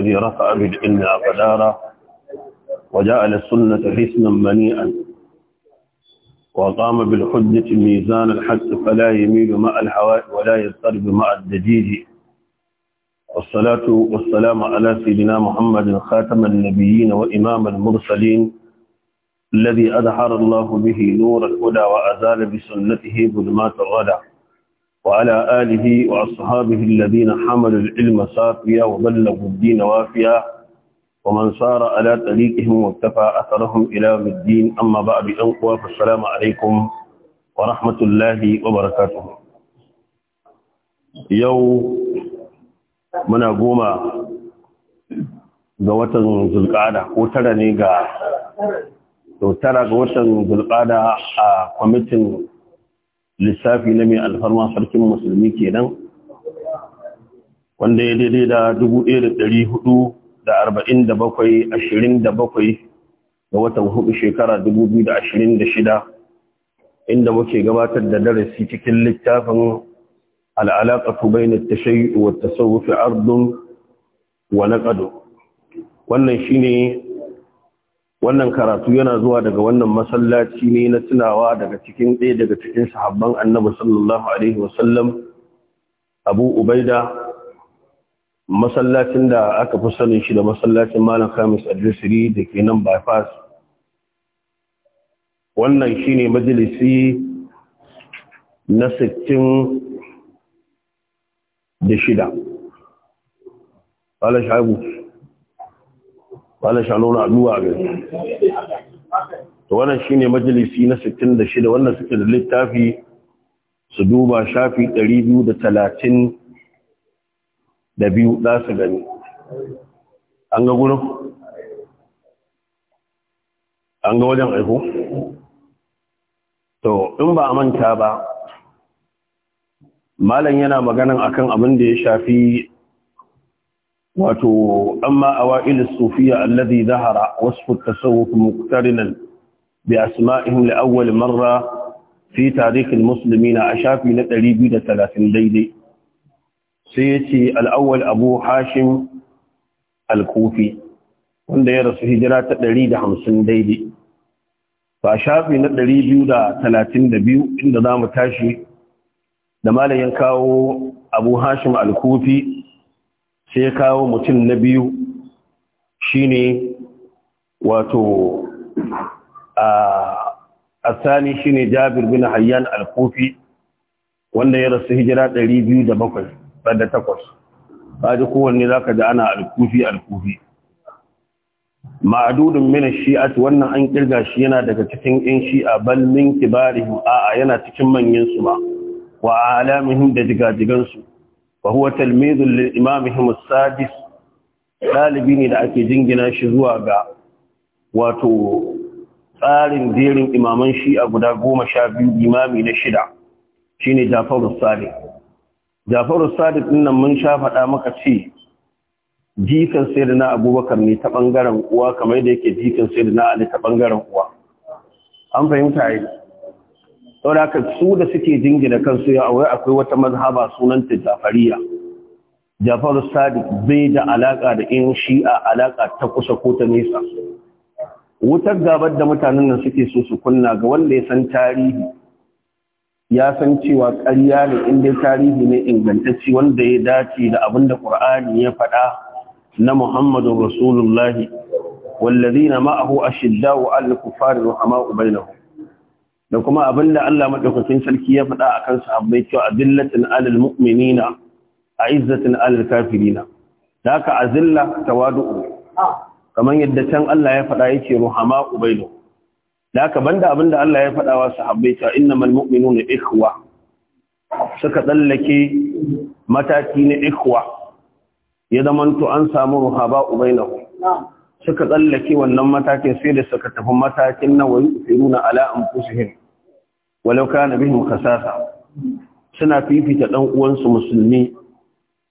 الذي رفع بالعلم أقدارا وجعل السنة حسنا منيئا وقام بالحجة ميزان الحق فلا يميل مع الهواء ولا يضطرب مع الدجيج والصلاة والسلام على سيدنا محمد خاتم النبيين وإمام المرسلين الذي أدحر الله به نور الهدى وأزال بسنته ظلمات الردى وعلى آله وأصحابه الذين حملوا العلم صافيا وبلغوا الدين وافيا ومن صار على طريقهم واكتفى أثرهم إلى الدين أما بعد أنقوا فالسلام عليكم ورحمة الله وبركاته يوم من أقوم ga watan zulkada ko tara ne ga to tara ga watan zulkada a kwamitin lissafi na mai alfarma sarkin musulmi ke nan? wanda ya daidai da 1447 ga watan hudu shekara 2026 inda muke gabatar da darasi cikin littafin al'alaƙatu bai na shayi wata tasawufi ardun wa ƙado wannan shine wannan karatu yana zuwa daga wannan masallaci ne na tunawa daga cikin ɗaya daga cikin sahabban annabi sallallahu alaihi wasallam abu ubaida masallacin da aka fi sanin shi da masallacin malam khamis adresiri da ke nan bypass wannan shine majalisi na sittin da shida. wala shanuna addu'a ga to wannan shine majalisi na 66 wannan suke da littafi su duba shafi 230 da biyu za su gani an ga gurin an ga wajen aiko to in ba a manta ba malam yana maganan akan abin da ya shafi wato amma awa'il as-sufiyya alladhi dhahara wasfu at-tasawuf muqtarinan bi asma'ihim li awwal marra fi tarikh al-muslimin a shafi na 230 daidai sai yace al-awwal abu hashim al-kufi wanda ya rasu hijira ta 150 daidai fa shafi na 232 inda zamu tashi da malayin kawo abu hashim al-kufi sai ya kawo mutum na biyu shine wato a asani shine Jabir bin Hayyan al-Kufi wanda ya rasu hijira 207 da takwas kaji kowanne zaka ji ana al-Kufi al-Kufi ma'adudun min shi'at wannan an kirga shi yana daga cikin yan shi'a bal min kibarihim a'a yana cikin manyan su ba wa alamihim da jigajigan su وهو تلميذ لإمامهم السادس ɗalibi ne da ake jingina shi zuwa ga wato tsarin jerin imaman shi'a guda goma sha biyu imami na shida shine jafaru sadiq jafaru sadiq nan mun sha faɗa maka ce jikan sai da na abubakar ne ta ɓangaren uwa kamar yadda yake jikan sai da na ali ta ɓangaren uwa an fahimta yi saboda su da suke jingina kansu ya aure akwai wata mazhaba sunanta jafariya jafar sadiq bai da alaka da in shi'a alaka ta kusa ko ta nesa wutar gabar da mutanen nan suke so su kunna ga wanda ya san tarihi ya san cewa ƙarya ne in tarihi ne ingantacci wanda ya dace da abinda da ƙur'ani ya faɗa na muhammadun rasulullahi wallazina ma'ahu ashidda'u al-kuffari rahama'u bainahum da kuma abin da Allah maɗaukakin sarki ya faɗa a kan sahabbai cewa adillatin alal mu'minina a'izzatin alal kafirina da haka azilla tawadu kamar yadda can Allah ya faɗa yake ruhama ubainu da haka banda abin da Allah ya faɗa wa sahabbai cewa innamal mu'minuna ikhwa suka tsallake mataki na ikhwa ya zamanto an samu ruhaba ubainahu suka tsallake wannan matakin sai da suka tafi matakin na wayu firuna ala anfusihim walau na bihim khasasa suna fifita ɗan uwansu musulmi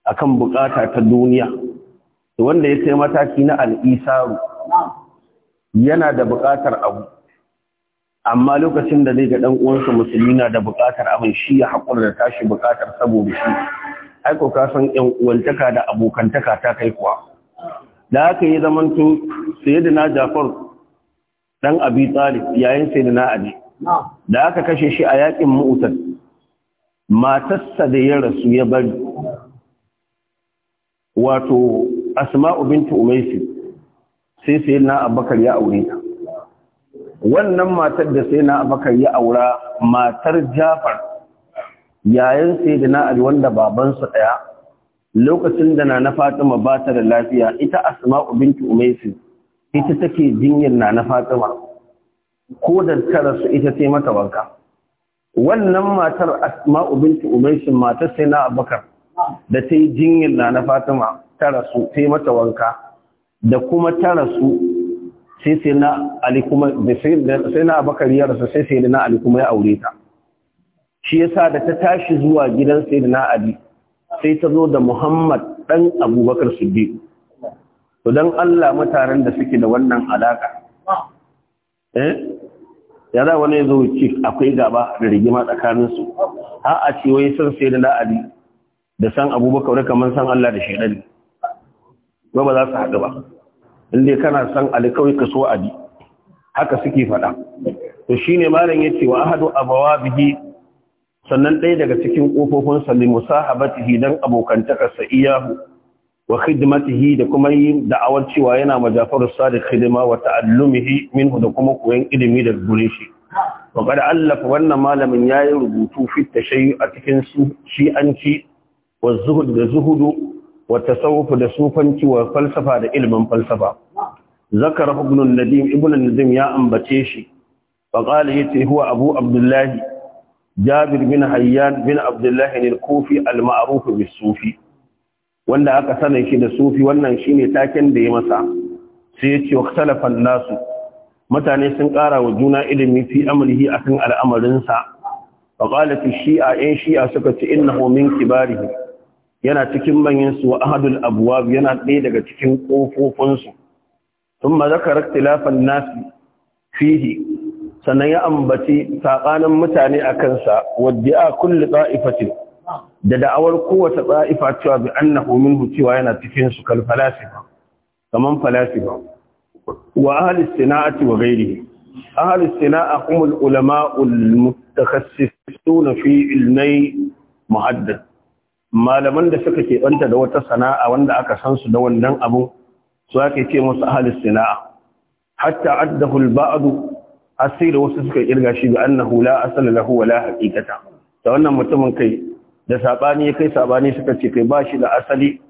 akan bukata ta duniya da wanda ya sai mataki na al-isaru yana da bukatar abu amma lokacin da zai ga dan uwansa musulmi na da bukatar abin shi ya hakura da tashi bukatar saboda shi ai ko ka san yan uwantaka da abokantaka ta kai kuwa da haka yi zamanto sayyidina Jafar dan Abi Talib yayin sayyidina Ali da aka kashe shi a yakin mu'utar matarsa da ya rasu ya bari wato asma'u bintu umaisi sai sai na abakar ya aure ta wannan matar da sai na abakar ya aura matar jafar yayin sai da na ali wanda babansa daya lokacin da na na fatima ba ta da lafiya ita asma'u bintu umaisi ita take jinyar na na fatima ko da ta rasu ita ce mata wanka wannan matar asma'u binti umaysin matar sai na abakar da ta yi jinyar na na fatima tara su ta mata wanka da kuma tara su sai sai na ali kuma sai na abakar ya rasu sai sai na ali kuma ya aure ta shi yasa da ta tashi zuwa gidan sai na ali sai ta zo da muhammad dan abubakar sibbi to dan Allah mutanen da suke da wannan alaka eh ya za wani ya zo ce akwai gaba da rigima tsakaninsu har a ce wai san sai da la'adi da san abubakar da kamar san Allah da shaidani ba ba za su haɗu ba inda kana san ali kawai ka so adi haka suke faɗa to shine malam yace wa ahadu abawa bihi sannan ɗaya daga cikin ƙofofin sallimu sahabatihi dan abokantakarsa iyahu wa khidmatihi da kuma yin da'awar cewa yana majafar Jafaru Sadiq khidma wa ta'allumihi minhu da kuma koyon ilimi da gure shi wa qad allafa wannan malamin yayi rubutu fi tashayyu a cikin su shi an wa zuhud da zuhudu wa tasawuf da sufanci wa falsafa da ilimin falsafa zakara ibn al-nadim ibn al-nadim ya ambace shi fa qala yace huwa abu abdullah jabir bin hayyan bin abdullah al-kufi al-ma'ruf bis-sufi wanda aka sanin shi da sufi wannan shine taken da ya masa sai wa ikhtalafan nasu mutane sun ƙara wa juna ilimi fi amrihi akan al'amarin sa fa qalat shia yan shi'a suka ce innahu homin kibari yana cikin manyan su wa ahadul abuwa yana ɗaya daga cikin kofofin sun thumma zakara ikhtilafan nasi fihi sannan ya ambaci saƙanin mutane akan sa a kulli ta'ifatin da da'awar kowace tsa'ifa cewa bi annahu minhu cewa yana cikin su kal falasifa kaman falasifa wa ahli sana'ati wa ghairihi ahli sana'a hum al ulama al mutakhassisun fi ilmai muhaddath malaman da suka ke banta da wata sana'a wanda aka san su da wannan abu su ake ce musu ahli sana'a hatta addahu al ba'd asira wasu suka kirga shi bi annahu la asala lahu wa la haqiqata da wannan mutumin kai da sabani ya kai sabani suka ce kai ba shi da asali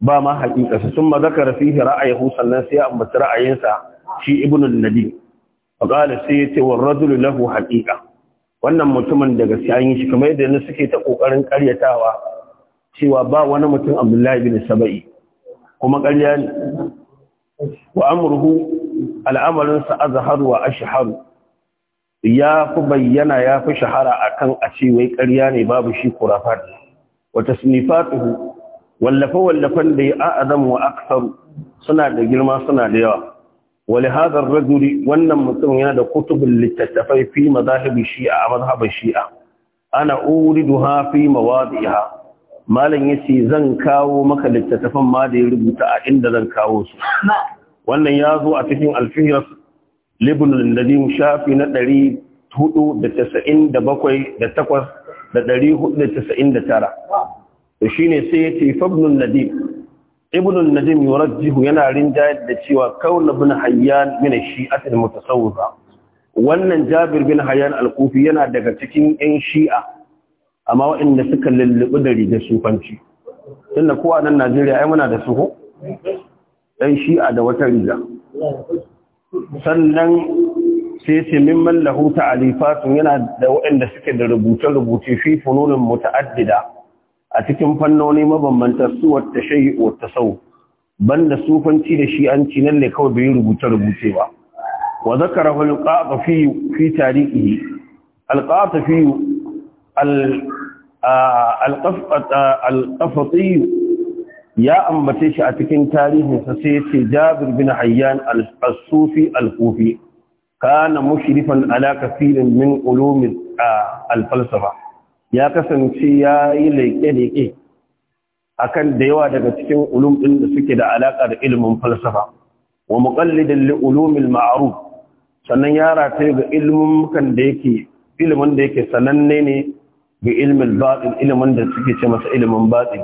ba ma haƙiƙasa sun ma zakara fihi ra'ayahu sannan sai an ambaci ra'ayinsa shi ibnul nadi fa sai yace wa rajul lahu haƙiƙa wannan mutumin da gaskiya yin shi kamar yadda suke ta ƙoƙarin karyatawa cewa ba wani mutum Abdullahi bin Sabai kuma ƙarya ne wa amurhu al'amarinsa sa azharu wa ashharu ya fi bayyana ya fi shahara akan a ce wai ƙarya ne babu shi kurafat wata tasnifatuhu Wallafe-wallafen da ya a'azam wa aksaru suna da girma suna da yawa wale hadar rajuli wannan mutum yana da kutubin littattafai fi mazahibi shi'a a mazhabar shi'a ana uriduha fi mawadiha malam yace zan kawo maka littattafan ma da ya rubuta a inda zan kawo su wannan ya zo a cikin alfiyar libnul nadim shafi na 497 da 8 da 8 da 499 to shine sai yace fabnul nadim ibnul nadim yurajjihu yana rinjayar da cewa kaun ibn hayyan min shi'at al-mutasawwifa wannan jabir bin hayyan al-kufi yana daga cikin yan shi'a amma waɗanda suka lullubi da rigar sufanci tunda ko kowa nan Najeriya ai muna da su ko shi'a da wata riga sannan sai ce mimman lahu yana da waɗanda suke da rubuce-rubuce fi fununin muta'addida a cikin fannoni mabambantar su wata shayi wata sau banda sufanci da shi an ci nan ne kawai bai rubuce-rubuce ba wa zakara hulqaqa fi fi tarihi alqaqa fi ya ambace shi a cikin tarihinsa sai ya ce jabir bin hayyan al-sufi al-kufi kana mushrifan ala kafirin min ulumi al-falsafa ya kasance ya yi leke-leke akan da yawa daga cikin ulum din da suke da alaka da ilimin falsafa wa muqallidan li ulumi al-ma'ruf sannan ya rataye ga ilimin kan da yake ilimin da yake sananne ne ga ilimin batin ilimin da suke ce masa ilimin batin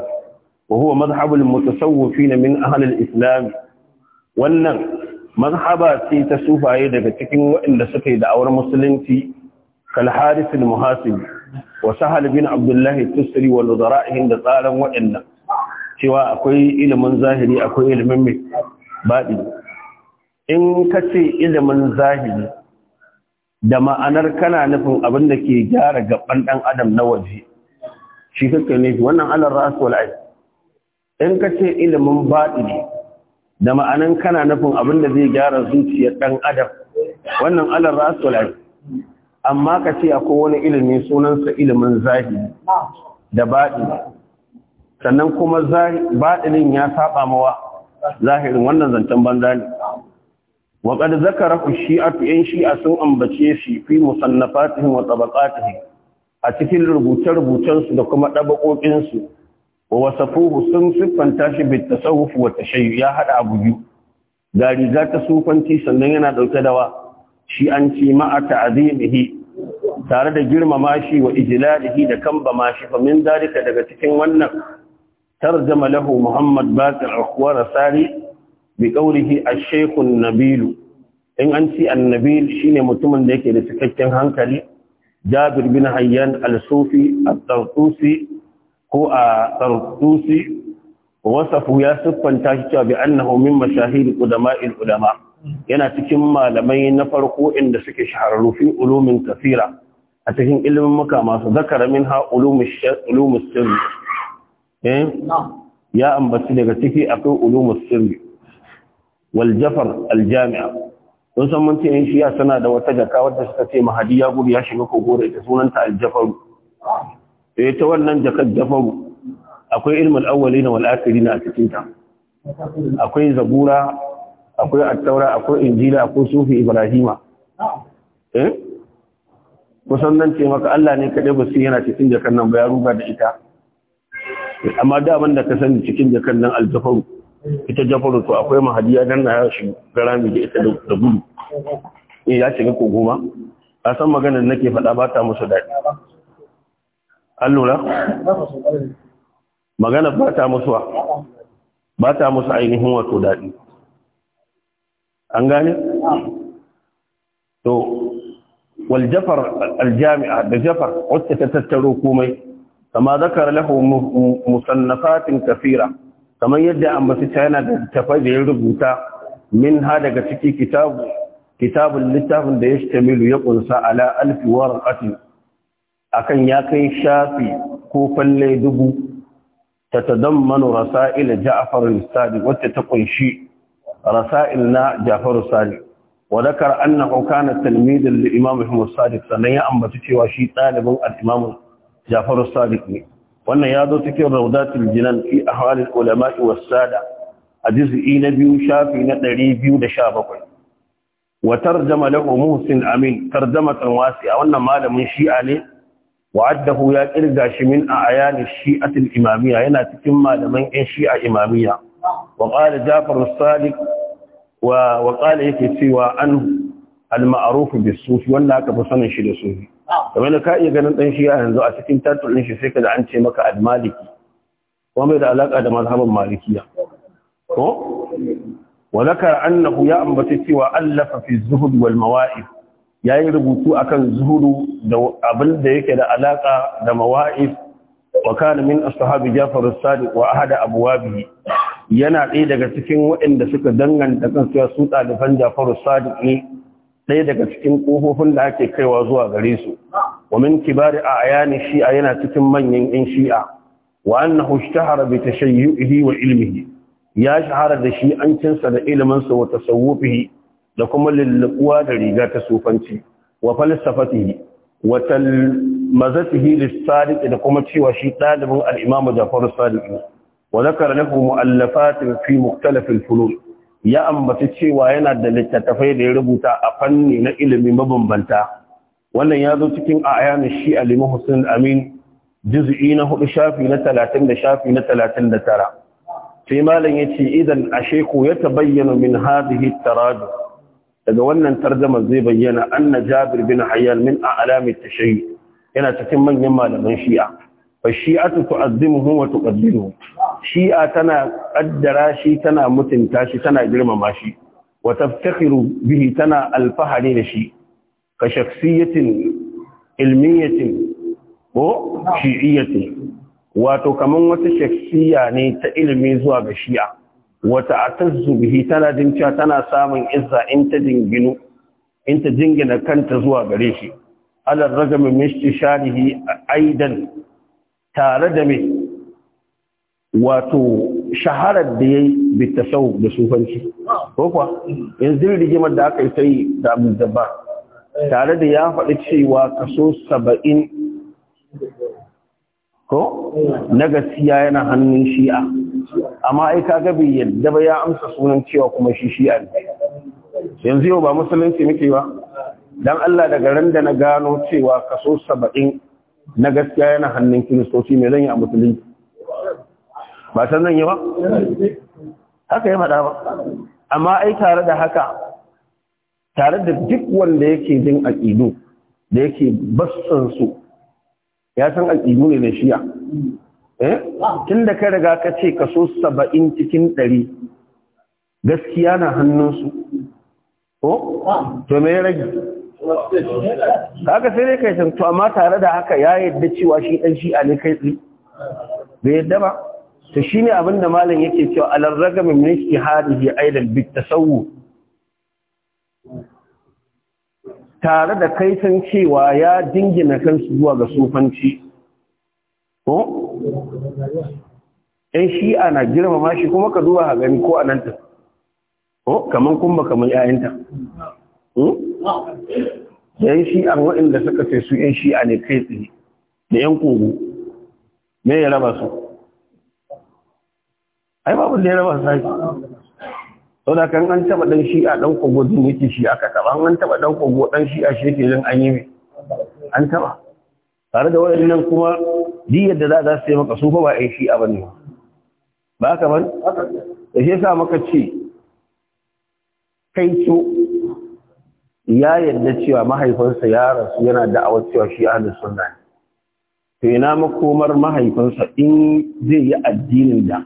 وهو مذهب المتصوفين من أهل الإسلام وأن مذهب تسوف عيدك تكن وإن سكي دعور مسلمتي كالحارث المحاسب وسهل بن عبد الله التسري ونظرائهم دقالا وإن سوى أكوي إلى من ظاهري أكوي إلى من باɗi in ka ce ilimin zahiri da ma'anar kana nufin abin da ke gyara gaban ɗan adam na waje shi kake nufi wannan alar rasu wal'ai in ka ce ilimin baɗi ne, da ma'anan kana nufin abin da zai gyara zuciyar ɗan adam wannan alar rasulai amma ka ce akwai wani ilimin sunansa ilimin zahiri da baɗi, sannan kuma baɗinin ya saba mawa zahirin wannan zancen banza ne waƙar zakara ku tuyen shi shi'a sun ambace shi fi musannafatihin wa tsabaƙatihin a cikin rubuce-rubucensu da kuma ɗabaƙoƙinsu wa wasafuhu sun siffanta shi bi tasawuf wa tashayyu ya hada abu biyu Gari za ta sufanci sannan yana dauke da wa shi an ci ma'a ta'zimihi tare da girmama shi wa ijlalihi da kamba shi fa min dalika daga cikin wannan tarjama lahu Muhammad Baqir Akhwar Sari bi qawlihi ash-shaykh an-nabil in an ci annabil shine mutumin da yake da cikakken hankali Jabir bin Hayyan al-Sufi al-Tartusi ko a sardusi wasafu ya siffanta shi cewa bi annahu min mashahir il ulama yana cikin malamai na farko inda suke shahararru fi ulumin kasira a cikin ilimin muka masu zakara min ha ulumus sirri eh? ya ambaci daga ciki akwai ulumus sirri wal jafar al jami'a don san mun ce shi ya sana da wata jaka wadda suka ce mahadi ya gudu ya shiga kogore da sunanta al jafar eh ta wannan jakar jafaru akwai ilmul awwalin wal akhirin a cikin ta akwai zabura akwai at-taura akwai injila akwai sufi ibrahima eh kusan nan ce maka Allah ne kadai ba su yana cikin jakar nan ba ya ruga da ita amma da abin da ka sani cikin jakar nan aljafaru ita jafaru to akwai mahadiya dan na shi garami da ita da gudu eh ya shiga kogoma a san maganar nake faɗa ba ta musu daɗi قال له لا ما قال باتا مسوى باتا مسوى عينه هو تدادي أنقاني والجفر الجامع بجفر عدت تتتلو كومي كما ذكر له مصنفات كثيرة كما يدى أن بسيطانا تفايد يلغوتا من هذا كتاب كتاب اللتاف ده يشتمل يقنص على ألف ورقة akan ya kai shafi ko falle dubu ta tadammanu rasa'il Ja'far sadiq wacce ta kunshi rasa'il na Ja'far sadi sadiq wa dhakara annahu kana tilmidan li Imam sadiq sannan ya ambaci cewa shi ɗalibin al-Imam Ja'far sadiq ne wannan ya zo cikin Rawdatul Jinan fi ahwal al-ulama wa sada a juz'i na biyu shafi na 217 wa tarjama lahu Muhsin Amin wasi a wannan malamin Shi'a ne wa'addahu ya kirga shi min a ayani shi'atul imamiyya yana cikin malaman yan shi'a imamiyya wa qala jafar as-sadiq wa wa qala yake cewa an al-ma'ruf bis-sufi wannan aka fi sanin shi da sufi kamar ka iya ganin dan shi'a yanzu a cikin tatul din shi sai kaga an ce maka al-maliki kuma bai da alaka da mazhabin malikiya ko wa zakara annahu ya ambata cewa allafa fi az wal-mawa'id ya yi rubutu a kan zuhuru da abin da yake da alaƙa da mawa'if wa kana min ashabi Jafar as-Sadiq wa ahada abwabihi yana ɗaya daga cikin waɗanda suka danganta suya su ɗaliban Jafar as-Sadiq ne ɗaya daga cikin ƙofofin da ake kaiwa zuwa gare su wa min kibari ayani shi'a yana cikin manyan yan shi'a wa annahu ishtahara bi tashayyu'ihi wa ilmihi ya shahara da shi an cinsa da ilimansa wa tasawufihi da kuma lullubuwa da riga ta sufanci wa falsafatihi wa talmazatihi lis da kuma cewa shi dalibin al-Imam Ja'far as-Sadiq wa zakara lahu mu'allafatin fi mukhtalaf al-funun ya ambaci cewa yana da littattafai da ya rubuta a fanni na ilimi mabambanta wannan ya zo cikin ayyana shi Ali Muhsin Amin juz'i na 4 shafi na 30 da shafi na 39 sai malam yace idan asheku ya tabayyana min hadhihi at-tarajum daga wannan tarjamar zai bayyana anna jabir bin hayyan min a'lami tashayyu yana cikin manyan malaman shi'a fa shi'atu tu'azzimuhu wa tuqaddiruhu shi'a tana kaddara shi tana mutunta shi tana girmama shi wa taftakhiru bihi tana alfahari da shi ka shakhsiyatin ilmiyatin ko shi'iyatin wato kaman wata shakhsiya ne ta ilimi zuwa ga shi'a wata ta bihi tana jin tana samun izza in ta jinginu in ta jingina kanta zuwa gare shi alal ragami mishti sharihi aidan tare da mai wato shaharar da yi bi sau da sufanci ko kuwa yanzu rigimar da aka yi sai da Abu tare da ya faɗi cewa kaso saba'in ko na gaskiya yana hannun shi'a amma ai kaga bai yadda ba ya amsa sunan cewa kuma shi shi ne yanzu yau ba musulunci muke ba dan Allah daga ran da na gano cewa kaso 70 na gaskiya yana hannun kiristoci me zan yi a musulunci ba san zan yi ba haka ya faɗa ba amma ai tare da haka tare da duk wanda yake jin aƙidu da yake bassan su ya san aƙidu ne na shi'a Eh? tun da ka riga ka ce kaso saba'in cikin ɗari gaskiya na hannunsu ko to me rage haka sai dai kai to amma tare da haka ya yadda cewa shi ɗan a ne kai tsi bai yadda ba to shi ne abinda malam yake cewa alar raga min nishi hadihi aidan bit tasawwu tare da san cewa ya dingina kansu zuwa ga sufanci ko ɗan shi'a na girmama shi kuma ka zuwa a gani ko a nan ta ko kaman ba kaman ƴaƴanta ɗan hmm? shi'a waɗanda suka ce su ɗan shi'a ne kai tsaye da ƴan kogo me ya raba su ai babu da ya raba su sai sau da kan an taɓa ɗan shi'a ɗan kogo din yake shi aka taɓa an taɓa ɗan kogo ɗan shi'a shi yake jin an yi an taɓa tare da waɗannan kuma di da za su yi maka sufa ba a shi a bane ba ka ban da shi sa maka ce kai ya yadda cewa mahaifinsa ya rasu yana da'awar cewa shi da suna ne to ina makomar mahaifinsa in zai yi addinin da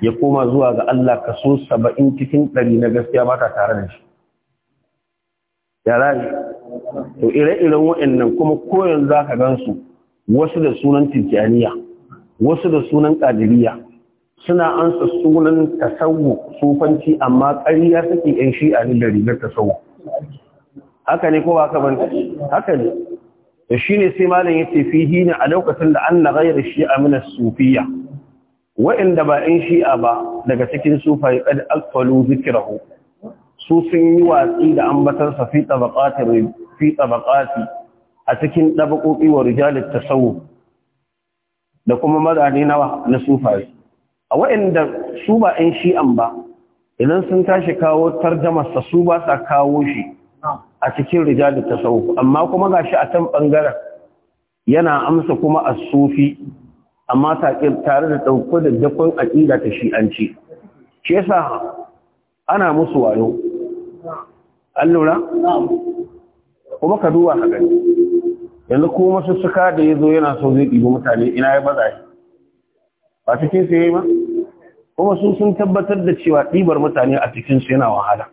ya koma zuwa ga Allah kaso saba'in cikin ɗari na gaskiya ba ta tare da shi. Yara ne, to ire-iren waɗannan kuma koyon za ka su. wasu da sunan tijjaniya wasu da sunan ƙadiriya suna ansa sunan tasawu sufanci amma ƙarya suke yan shi'a ne da rigar tasawu haka ne ko haka ban haka ne da ne sai malam ya ce fihi ne a lokacin da an gayar shi'a min as wa'inda ba yan shi'a ba daga cikin sufai qad aqfalu zikrahu su sun yi watsi da ambatar sa fi tabaqati fi tabaqati a cikin ɗabaƙoƙi wa rijalit sau da kuma mazane nawa na sufari. a waɗanda su ba 'yan shi'an ba idan sun tashi kawo tarjamarsa su ba sa kawo shi a cikin rijalit sau amma kuma ga shi a can ɓangaren yana amsa kuma a sufi amma tare da ɗauko da dakon aƙida ta shi'anci Ke sa ana musu wayo an lura? kuma ka duba ka yanzu ko masu suka da ya zo yana so zai ɗibi mutane ina ya baza shi ba cikin su ya yi ba kuma su sun tabbatar da cewa ɗibar mutane a cikin su yana wahala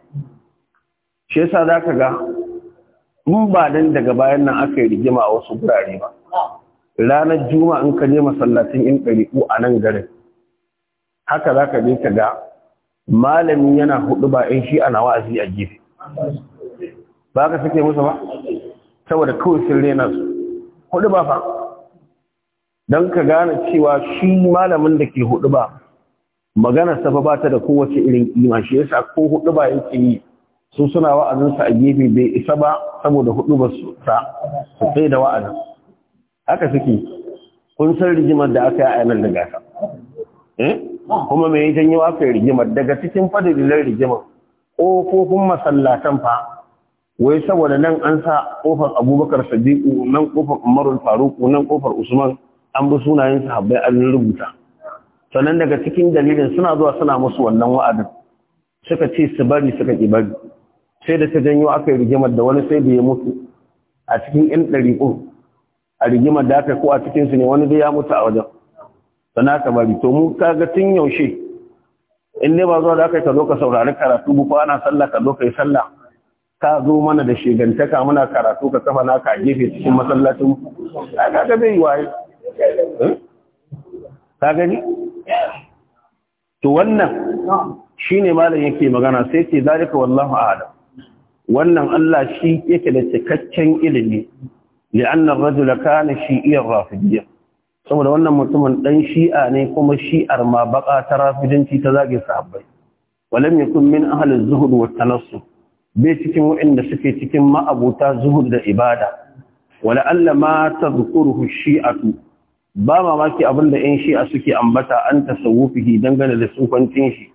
shi yasa za ka ga in ba dan daga bayan nan aka yi rigima a wasu gurare ba ranar juma in ka je masallacin in ɗariƙu a nan garin haka za ka je ka ga Malami yana hudu ba in shi ana wa'azi a gefe ba ka sake musu ba saboda kawai sun rena su hudu ba fa don ka gane cewa shi malamin da ke hudu ba magana safa ba ta da kowace irin kima shi yasa ko hudu ba yake yi su suna wa'azinsa a gefe bai isa ba saboda hudu ba su sa su da wa'azin haka suke kun san rigimar da aka yi a yanar da gasa eh? kuma mai janyo aka yi rigimar daga cikin fadililar rigimar ƙofofin masallatan fa wai saboda nan an sa kofar abubakar sadiku nan kofar umarul faruku nan kofar usman an bi sunayen sahabbai an rubuta sannan daga cikin dalilin suna zuwa suna musu wannan wa'adin suka ce su bari suka ki bari sai da ta janyo aka yi rigimar da wani sai da ya mutu a cikin yan ɗariƙo a rigimar da aka ko a cikin su ne wani da ya mutu a wajen sana ka bari to mu ka ga tun yaushe in dai ba zuwa da aka yi ka zo ka saurari karatu bukwa ana sallah ka zo ka yi sallah ka zo mana da shigantaka muna karatu ka kafa naka a gefe cikin masallacin ka ga bai waye eh? ka gani to wannan shine malam yake magana sai ce zalika wallahu a'ala wannan Allah shi yake da cikakken ilimi li'anna ar-rajula kana shi'iyyan rafidiyya saboda wannan mutumin dan shi'a ne kuma shi'ar ma baka ta rafidanci ta zage sahabbai walam yakun min ahli az-zuhd wa tanassub bai cikin waɗanda suke cikin ma'abuta zuhur da ibada Wani Allah ma tadhkuruhu shi'atu ba mamaki abinda yan shi'a suke ambata an tasawufihi dangane da sufancin shi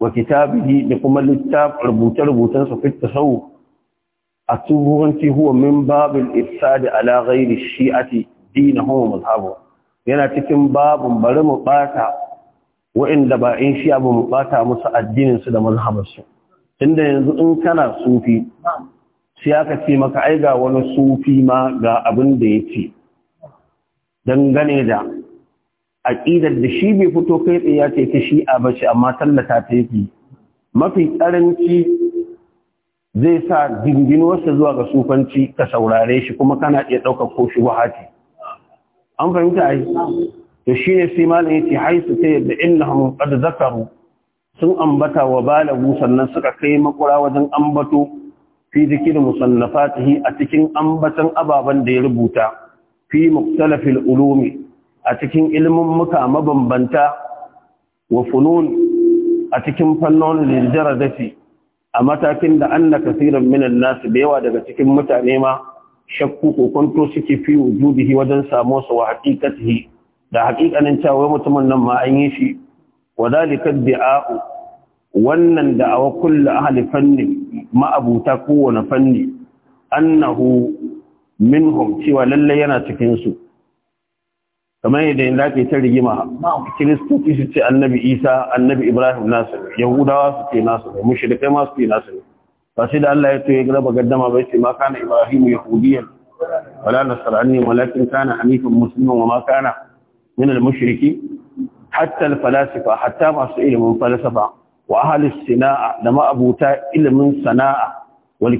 wa kitabihi da kuma littaf rubuce rubutan su fi tasawuf a tuhuwanci huwa min babul ifsad ala ghairi shi'ati dinahum wa yana cikin babun bari mu ɓata waɗanda ba in shi'a ba mu ɓata musu addininsu da mazhabansu tunda yanzu in kana sufi sai aka ce maka ai ga wani sufi ma ga abin da ya ce dangane da aƙidar da shi bai fito kai tsaye ya ce ta shi a bace amma tallata ta yake mafi ƙaranci zai sa dinginuwarsa zuwa ga sufanci ka saurare shi kuma kana iya ɗaukar ko shi wahati an fahimta ai to shi ne sai malam yace haisu ta yadda innahum qad zakaru sun ambata wa balagu sannan suka kai makura wajen ambato fi zikir musannafatihi a cikin ambatan ababen da ya rubuta fi muktalafil ulumi a cikin ilimin muka mabambanta wa funun a cikin fannon lirjara dafi a matakin da an na kasirin minan nasu da yawa daga cikin mutane ma shakku ko kwanto suke fi wujudihi wajen su wa haƙiƙatihi da haƙiƙanin cewa mutumin nan ma an yi shi wa zalika da'a'u wannan da'awa kullu ahli fanni ma'abuta kowane fanni annahu minhum cewa lalle yana cikin su kamar yadda yanzu ake ta rigima kiristoci su ce annabi isa annabi ibrahim nasu yahudawa su ce nasu ne mushrikai ma su ce nasu ne ba sai da Allah ya ya raba gaddama bai ce ma kana ibrahim yahudiyan wala nasrani walakin kana hanifan musliman wa ma kana min al mushriki Hattal falasifa hatta masu ilimin falsafa wa Sina'a sana'a da ma'abuta ilimin sana'a wal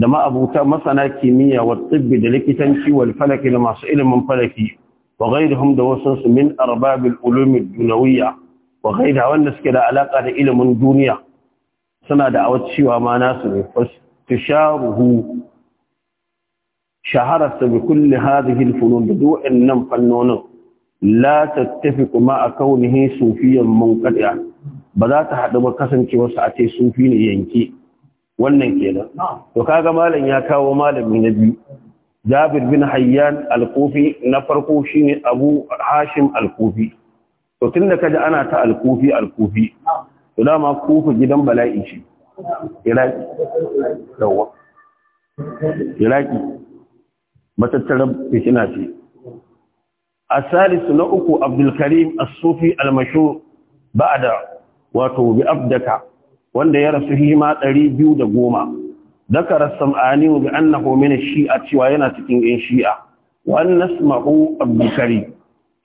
da ma'abuta masana kimiyya wa da likitanci wal falaki da masu ilimin falaki wa da wasu su min arbabil ulumi dunawiyya wa wanda suke da alaka da ilimin duniya suna da awar cewa ma nasu ne fastasharuhu shahararsa bi kulli hadhihi al-funun da du'annan fannonin la تتفق مع كونه صوفيا منقطعا ba za ta haɗu ba su a ce sufi ne yanki wannan kenan to kaga malam ya kawo malami na biyu Jabir bin Hayyan al-Kufi na farko shine Abu Hashim al-Kufi to tunda kaji ana ta al-Kufi al-Kufi to dama kufu gidan bala'i ce Iraki yawa Iraki matattarar fitina ce A su na uku abdulkarim asufi almashu ba da wato bi abdaka wanda ya rasu hima ɗari biyu da goma daga rassan aniyu an na homina shi'a cewa yana cikin yan shi'a wani nasmahu abdulkarim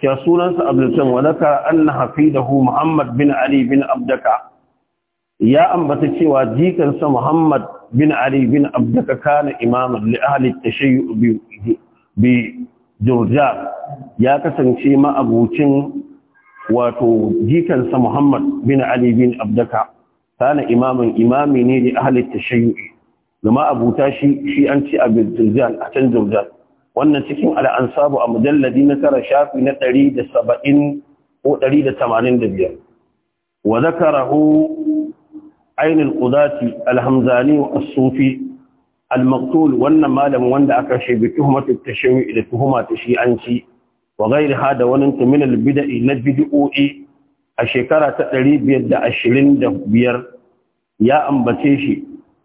ke sunansa abdulkarim wa daga hafi da hu muhammad bin ali bin abdaka ya ambata cewa jikansa muhammad bin ali bin abdaka kana imaman li ahli tashayyu jurja ya kasance ma'abucin wato jikansa muhammad bin ali bin abdaka kana imamin imami ne da ahalin tashayyu'i da ma'abuta shi shi an ci a jurjan a can jurjan wannan cikin al'ansabu a mujalladi na tara shafi na 170 ko 185 wa zakarahu ainihin ƙudati alhamzani wa asufi al-maqtul wannan malamin wanda aka shiga bi tuhmatu tashayyu da tuhuma ta shi'anci wa ghayriha da wannan ta min al-bid'i na bid'o'i a shekara ta ɗari biyar da ashirin 525 ya ambace shi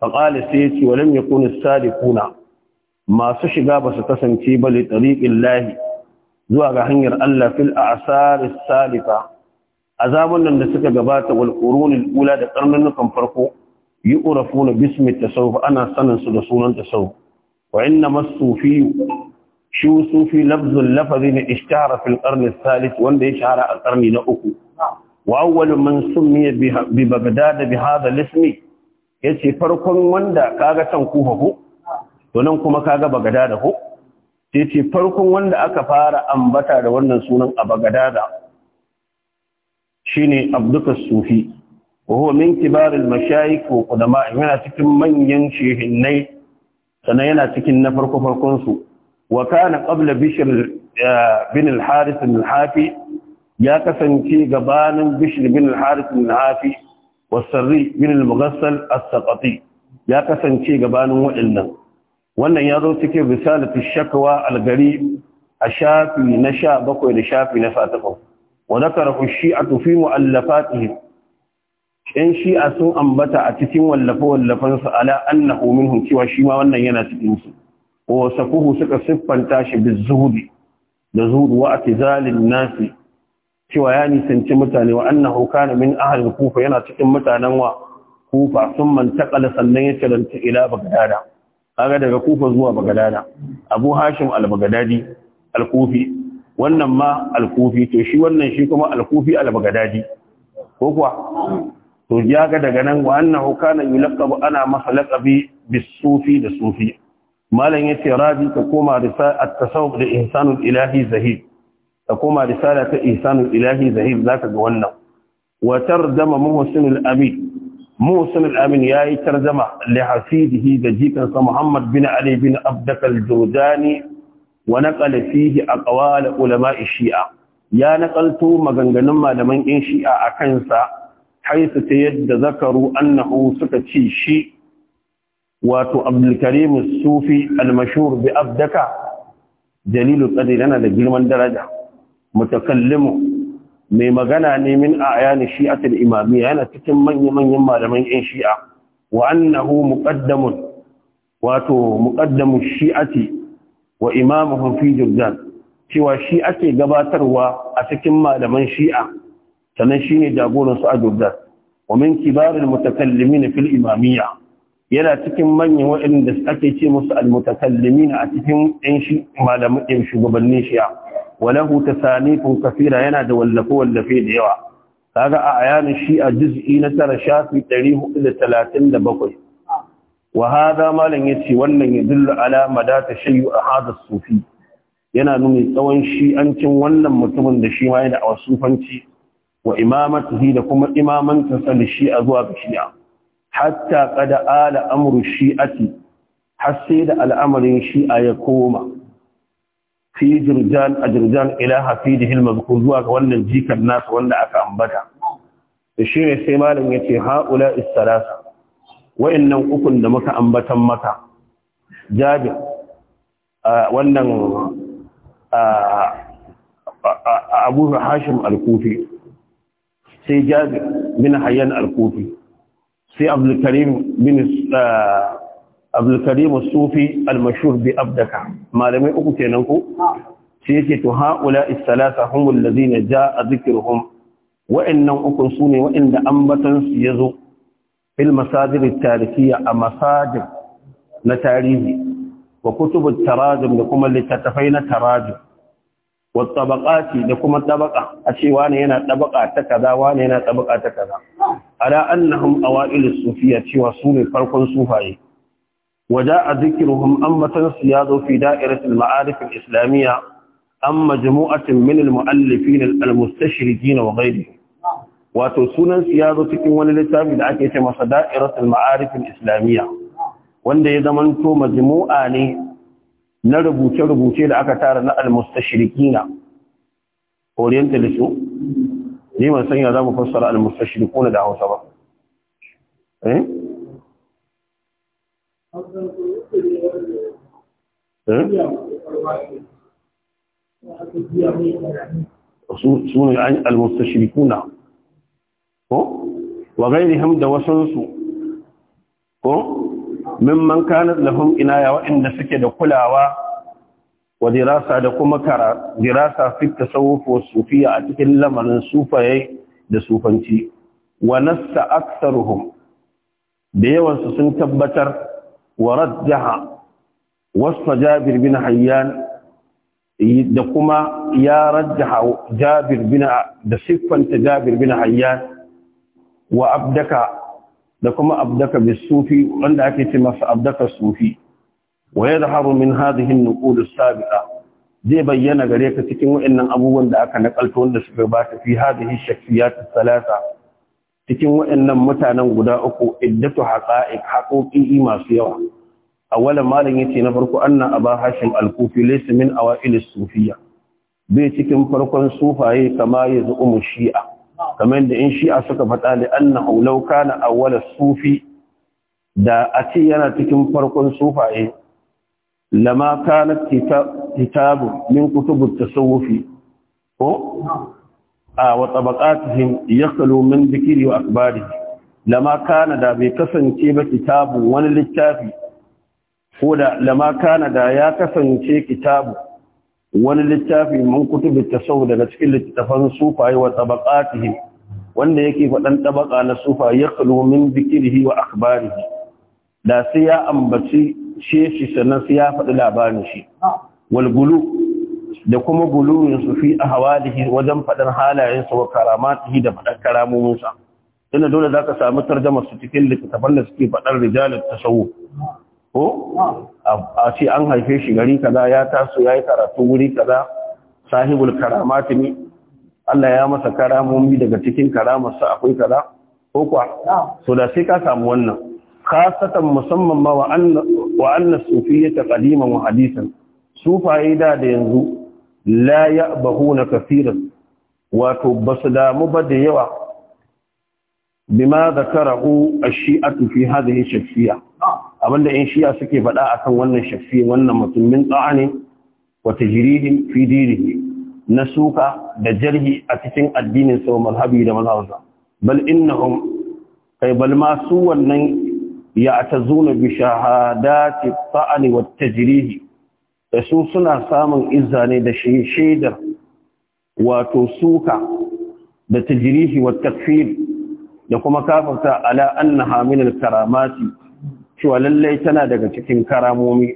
faqala sai yace walam yakunu as-sadiquna masu shiga ba su kasance ba li tariqin lahi zuwa ga hanyar Allah fil a'sar as-salifa azaban nan da suka gabata wal qurunil ula da karnunukan farko yu'rafuna bismi tasawuf ana sanin su da sunan tasawuf wa inna masufi shi sufi lafzul lafazi ne ishtahara fil qarn thalith wanda ya shahara a karni na uku wa awwal man sumiya bi bagdad bi hadha al yace farkon wanda kaga can kufa ko to nan kuma kaga bagdad ko yace farkon wanda aka fara ambata da wannan sunan a bagdad shine abdukas sufi وهو من كبار المشايخ وقدماء هنا تكن من ينشي هني سنينا تكن نفرق فرقنسو وكان قبل بشر بن الحارث الحافي يا كسنتي غبان بشر بن الحارث الحافي والسري بن المغسل السقطي يا كسنتي غبان وإلنا wannan ya zo cikin risalatu shakwa al-gari a shafi na 17 da shafi na 18 wa zakara ku shi'atu fi mu'allafatihim yan shi'a sun ambata a cikin wallafe-wallafensu ala annahu minhum cewa shi ma wannan yana cikin su wa sakuhu suka siffanta shi bi zuhudi da zuhudu wa atizalin nasi cewa ya nisanci mutane wa annahu kana min ahalin kufa yana cikin mutanen wa kufa sun mantakala sannan ya ciranta ila bagdada kaga daga kufa zuwa bagdada abu hashim al-bagdadi al-kufi wannan ma al-kufi to shi wannan shi kuma al-kufi al-bagdadi ko kuwa to ya ga daga nan wa annahu kana yulaqabu ana masa lakabi bisufi da sufi malam yace rabi ka koma risala at-tasawuf da ihsanul ilahi zahid ta koma risala ta ihsanul ilahi zahid zaka ga wannan wa tarjama muhsin al-amin muhsin al-amin yayi tarjama li hasidihi jikansa muhammad bin ali bin abdak al-judani wa naqala fihi aqwal ulama shi'a ya naqaltu maganganun malaman in shi'a akan sa haisu ta yadda zakaru annahu suka ci shi wato abdulkarim sufi almashur bi abdaka jalilu qadir yana da girman daraja mutakallimu mai magana ne min ayani shi'atul imamiyya yana cikin manyan manyan malaman yan shi'a wa annahu muqaddamun wato muqaddamu shi'ati wa imamuhum fi jurdan cewa shi ake gabatarwa a cikin malaman shi'a sannan shi ne jagoransu a jordan wa min mutakallimi na fil imamiyya yana cikin manyan waɗanda ake ce musu almutakallimin a cikin ɗan malamin shugabannin shi'a walahu tasanifun kafira yana da wallafe wallafe da yawa kaga a ayanin shi'a juz'i na tara shafi ɗari 437 وهذا malam ya ce wannan yadullu ala ta shayu a hada sufi yana nuni tsawon shi an cin wannan mutumin da shi ma yana a sufanci wa imamatihi da kuma imamansa sali shi'a zuwa ga shi'a hatta kada ala amru shi'ati har sai da al'amarin shi'a ya koma fi jirjan a jirjan ila hafidihi al zuwa ga wannan jikan nasa wanda aka ambata da shi ne sai malam yace haula istalasa wa'annan ukun da muka ambatan maka a wannan abu hashim al-kufi sai jabir bin hayyan al-kufi sai abdulkarim bin ah, abdulkarim sufi al-mashhur bi abdaka malamai uku kenan ko sai yake to haula is-salasa hum a jaa dhikruhum wa'annan uku sune wa'anda ambatan su yazo fil masajid at-tarikiyya a masajid na tarihi wa kutub at-tarajum da kuma littattafai na tarajum wattabaqati da kuma tabaqa a ce wani yana tabaqa ta kaza wani yana tabaqa ta kaza ala annahum awail as cewa su ne farkon sufaye Waje a zikiruhum amma tansiyadu fi da'iratil ma'arif islamiyya an jumu'atin min al-mu'allifin al-mustashriqin wa ghayri wato sunan siyadu cikin wani littafi da ake ce masa da'iratul ma'arif islamiyya wanda ya zamanto majmu'a ne na rubuce-rubuce da aka tara na al-mustashriqina orientalisu ni ban san ya zamu fassara al-mustashriquna da Hausa ba eh, eh? sunan al-mustashriquna ko wa ghairihim da wasansu ko man kanat lahum inaya waɗanda suke da kulawa wa dirasa da kuma kara dirasa fi tasawuf wa sufiya a cikin lamarin sufaye da sufanci wa nasa aktsaruhum da yawan sun tabbatar wa raddaha wasfa Jabir bin Hayyan da kuma ya raddaha Jabir bin da siffanta Jabir bin Hayyan wa abdaka da kuma abdaka bisufi wanda ake ce masa abdaka sufi wa harumin min hadhihi an-nuqul as-sabiqa zai bayyana gare ka cikin wayannan abubuwan da aka nakalto wanda suka bata fi hadhihi shakhsiyat as-salasa cikin wayannan mutanen guda uku iddatu haqa'iq haqiqi masu yawa awwalan malam yace na farko anna aba hashim al-kufi laysa min awa'il as-sufiyya bai cikin farkon sufaye kama yazu umu shi'a kamar da in shi'a suka faɗa da annahu law na awwala sufi da a ce yana cikin farkon sufaye lama na kitabu min ta sufi ko a wa tabaqatihim yaqulu min dhikri wa akbari lama kana da bai kasance ba kitabu wani littafi ko da lama kana da ya kasance kitabu wani littafi mun kutubi tasawuf daga cikin littafan sufaye wa tabaqatihim wanda yake faɗan tabaka na sufa ya min bikirihi wa akhbarihi da sai ya ambaci sheshi sannan sai ya faɗi labarin shi Walgulu da kuma gulurin su fi ahwalihi wajen faɗan halayen sa wa karamatihi da faɗan karamomin sa dole zaka samu tarjama su cikin littafan da suke faɗan rijalat tasawuf ko a ce an haife shi gari kaza ya taso ya yi karatu wuri kaza sahibul karamati ne Allah ya masa karamomi daga cikin karamarsa akwai kaza ko kuwa so da sai ka samu wannan khasatan musamman ma wa anna ta qadiman wa hadisan sufaye da da yanzu la ya na kafira. wato basu damu ba da yawa bima zakarahu ash-shi'atu fi hadhihi shakhsiyya abinda yan shi'a suke faɗa akan wannan shafi wannan mutumin tsa'anin wa tajridin fi dinihi na suka da jarhi a cikin addinin sa mazhabi da mazhabinsa bal innahum kai bal ma su wannan ya'tazuna bi shahadati ta'ani wa tajrihi da su suna samun izza ne da shaidar wato suka da tajrihi wa takfir da kuma kafarta ala annaha min al-karamati cewa lallai tana daga cikin karamomi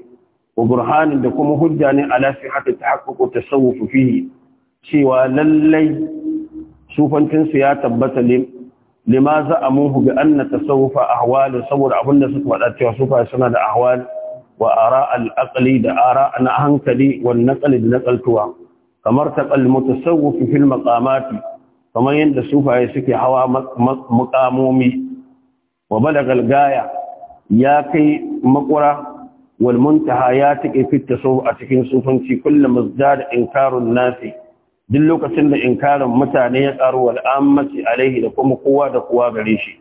wa burhanin da kuma hujja ne ala ta tahaqququ tasawuf fihi cewa lallai sufantin su ya tabbata lima za'amuhu bi anna tasawufa ahwal saboda abinda suka faɗa cewa sufa suna da ahwal wa ara al-aqli da ara hankali wa naqli da naqaltuwa kamar taqal mutasawwif fil maqamati kamar yadda sufaye suke hawa mukamomi wa balagal gaya ya kai makura wal muntaha ya take fitta so a cikin sufanci kullum mazdad inkarun nasi duk lokacin da inkarin mutane ya karu wal ammati alaihi da kuma kowa da kowa gare shi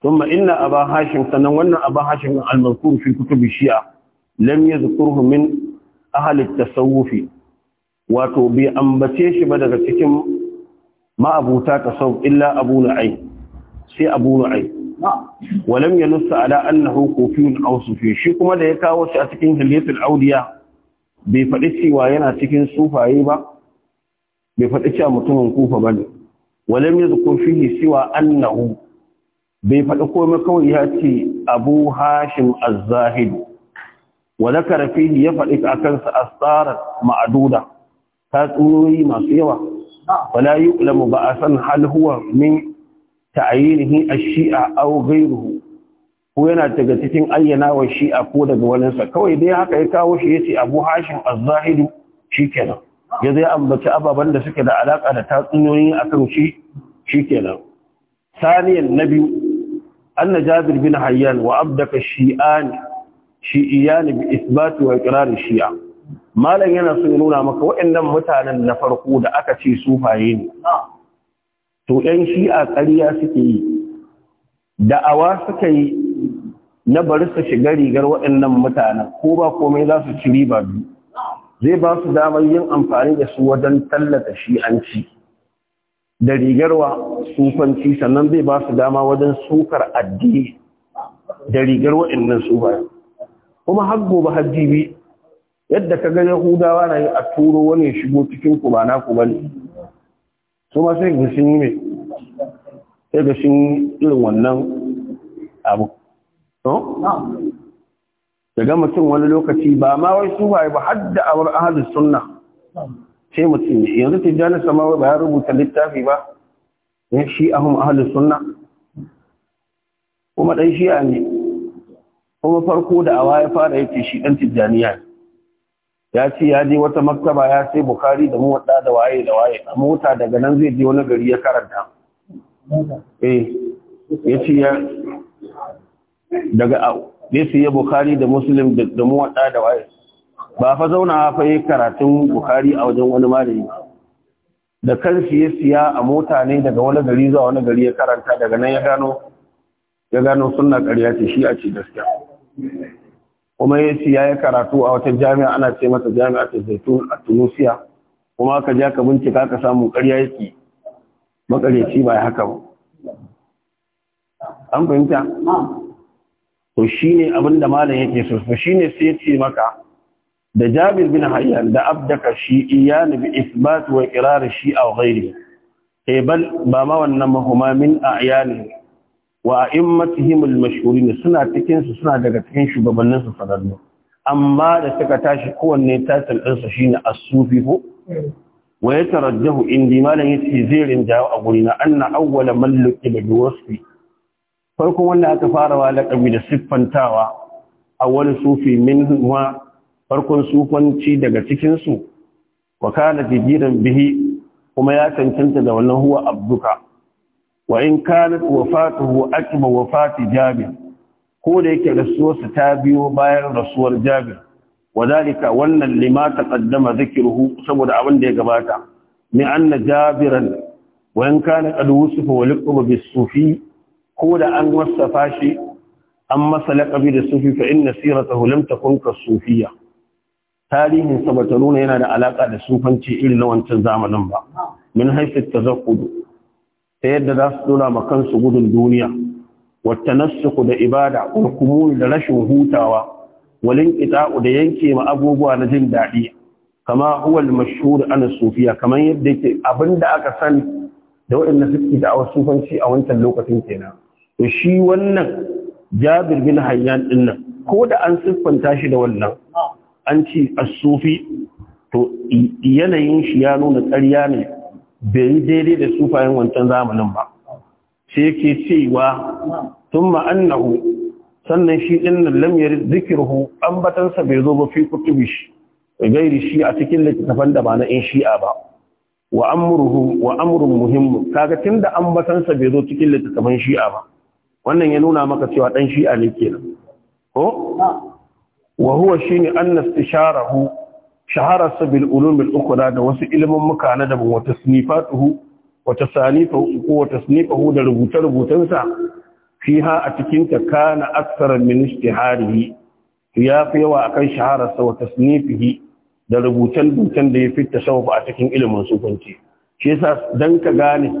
thumma inna aba hashim sannan wannan aba hashim al-mazkur fi kutub shi'a lam yadhkurhu min ahli at-tasawuf wato bai ambace shi ba daga cikin ma'abuta tasawuf illa abu nu'ay sai abu nu'ay walam ya nussa ala annahu kufiyun aw sufi shi kuma da ya kawo shi a cikin hilyatul auliya bai faɗi cewa yana cikin sufaye ba bai faɗi cewa mutumin kufa bane walam yadhkur fihi siwa annahu bai faɗi komai kawai ya ce abu hashim az-zahid wa zakara fihi ya faɗi akan sa asarar ma'duda ta tsuroyi masu yawa wala yuqlamu ba asan hal huwa min ta'ayinihi a shia aw ghayruhu ko yana daga cikin ayyana wa shi'a ko daga waninsa kawai dai haka ya kawo shi yace Abu Hashim az-Zahidi shikenan ya zai ambaci ababen da suke da alaka da tatsuniyoyi akan shi shikenan saniyan na biyu anna Jabir bin Hayyan wa abdaka shi'an shi'iyan bi isbat wa iqrar shi'a malam yana so ya nuna maka waɗannan mutanen na farko da aka ce sufaye ne to ‘yan shi'a ƙarya suke yi da awa suka yi na bari su shiga rigar waɗannan mutanen ko ba komai za su ci riba biyu zai ba su damar yin amfani da su wajen tallata shi'anci da rigarwa sufanci sannan zai ba su dama wajen sukar addini da rigar waɗannan sufayen kuma har gobe hajji yadda ka ga yahudawa na yi a turo wani shigo cikin ku ba na ku bane kuma ma sai ga sun yi sai ga sun irin wannan abu daga mutum wani lokaci ba ma wai su ba ba hadda awar ahadu sunna sai mutum yanzu tijjani samawa ba ya rubuta littafi ba ya shi ahun ahadu sunna kuma ɗan shi ne kuma farko da awa ya fara yake shi ɗan tijjaniya ne ya ce ya je wata maktaba ya sai bukari da muwadda da waye da waye a mota daga nan zai je wani gari ya karanta eh ya ce ya daga au ya sai bukari da muslim da muwadda da waye ba fa zauna fa yi karatun bukari a wajen wani malami da kan ya siya a mota ne daga wani gari zuwa wani gari ya karanta daga nan ya gano ya gano sunna ƙarya ce shi a ce gaskiya kuma ya ce ya yi karatu a wata jami'a ana ce mata jami'a ta zaitun a tunisia kuma ka ja ka bincika ka samu karya yaki. makaryaci ba haka ba an fahimta to shi ne abin da malam yake so to shi ne sai ce maka da jabir bin hayyan da abdaka shi iyani bi isbat wa iqrar shi aw ghairi eh bal ba ma wannan mahumamin a'yani wa a'immatihim al-mashhurin suna cikin su suna daga cikin shugabannin su sanannu amma da suka tashi kowanne tatil din sa shine as-sufi ko wa yatarajjahu indi malan yace zai rinjawo a gurina anna awwala malluki luqiba bi wasfi farkon wannan aka farawa laqabi da siffantawa awwal sufi min wa farkon sufanci daga cikin su wa kana jidiran bihi kuma ya cancanta da wannan huwa abduka wa in kanat ake akiba wafati jabir ko da yake rasuwarsa ta biyo bayan rasuwar jabir wadalika wannan lima taqaddama zikruhu saboda abin da ya gabata min anna jabiran wa in kana wa sufi ko da an wasafa shi an masa laqabi da sufi fa inna siratahu lam takun ka sufiyya tarihin yana da alaka da sufanci irin na wancan zamanin ba min haythu tazakkud ta yadda za su dora ma kansu gudun duniya wata nassuku da ibada wal da rashin hutawa walin qita'u da yanke ma abubuwa na jin daɗi kama huwa mashuri mashhur ana sufiya kamar yadda yake abinda aka sani da waɗanda suke da awar sufanci a wancan lokacin kenan to shi wannan Jabir bin Hayyan din nan ko da an siffanta shi da wannan an ci as-sufi to yanayin shi ya nuna ƙarya ne bai yi daidai da sufayen wancan zamanin ba sai yake cewa tun ma'annahu sannan shi ɗin nan lamyar zikirhu ambatansa bai zo ba fi kutubi shi gairi shi a cikin littattafan da ba na in shi'a ba wa amurhu wa amurin muhimmu kaga an ambatansa bai zo cikin littattafan shi'a ba wannan ya nuna maka cewa ɗan shi'a ne kenan ko wa huwa an anna istisharahu Shahararsa sabil ulumil ukula da wasu ilimin mukana da wata sinifatuhu wata sanifahu ko wata sinifahu da rubuce-rubucensa fiha a cikin ta kana aksara min ijtihadihi ya fi yawa akan shahararsa wa tasnifihi da rubutan rubutan da ya fita tasawuf a cikin ilimin sufanci shi yasa dan ka gane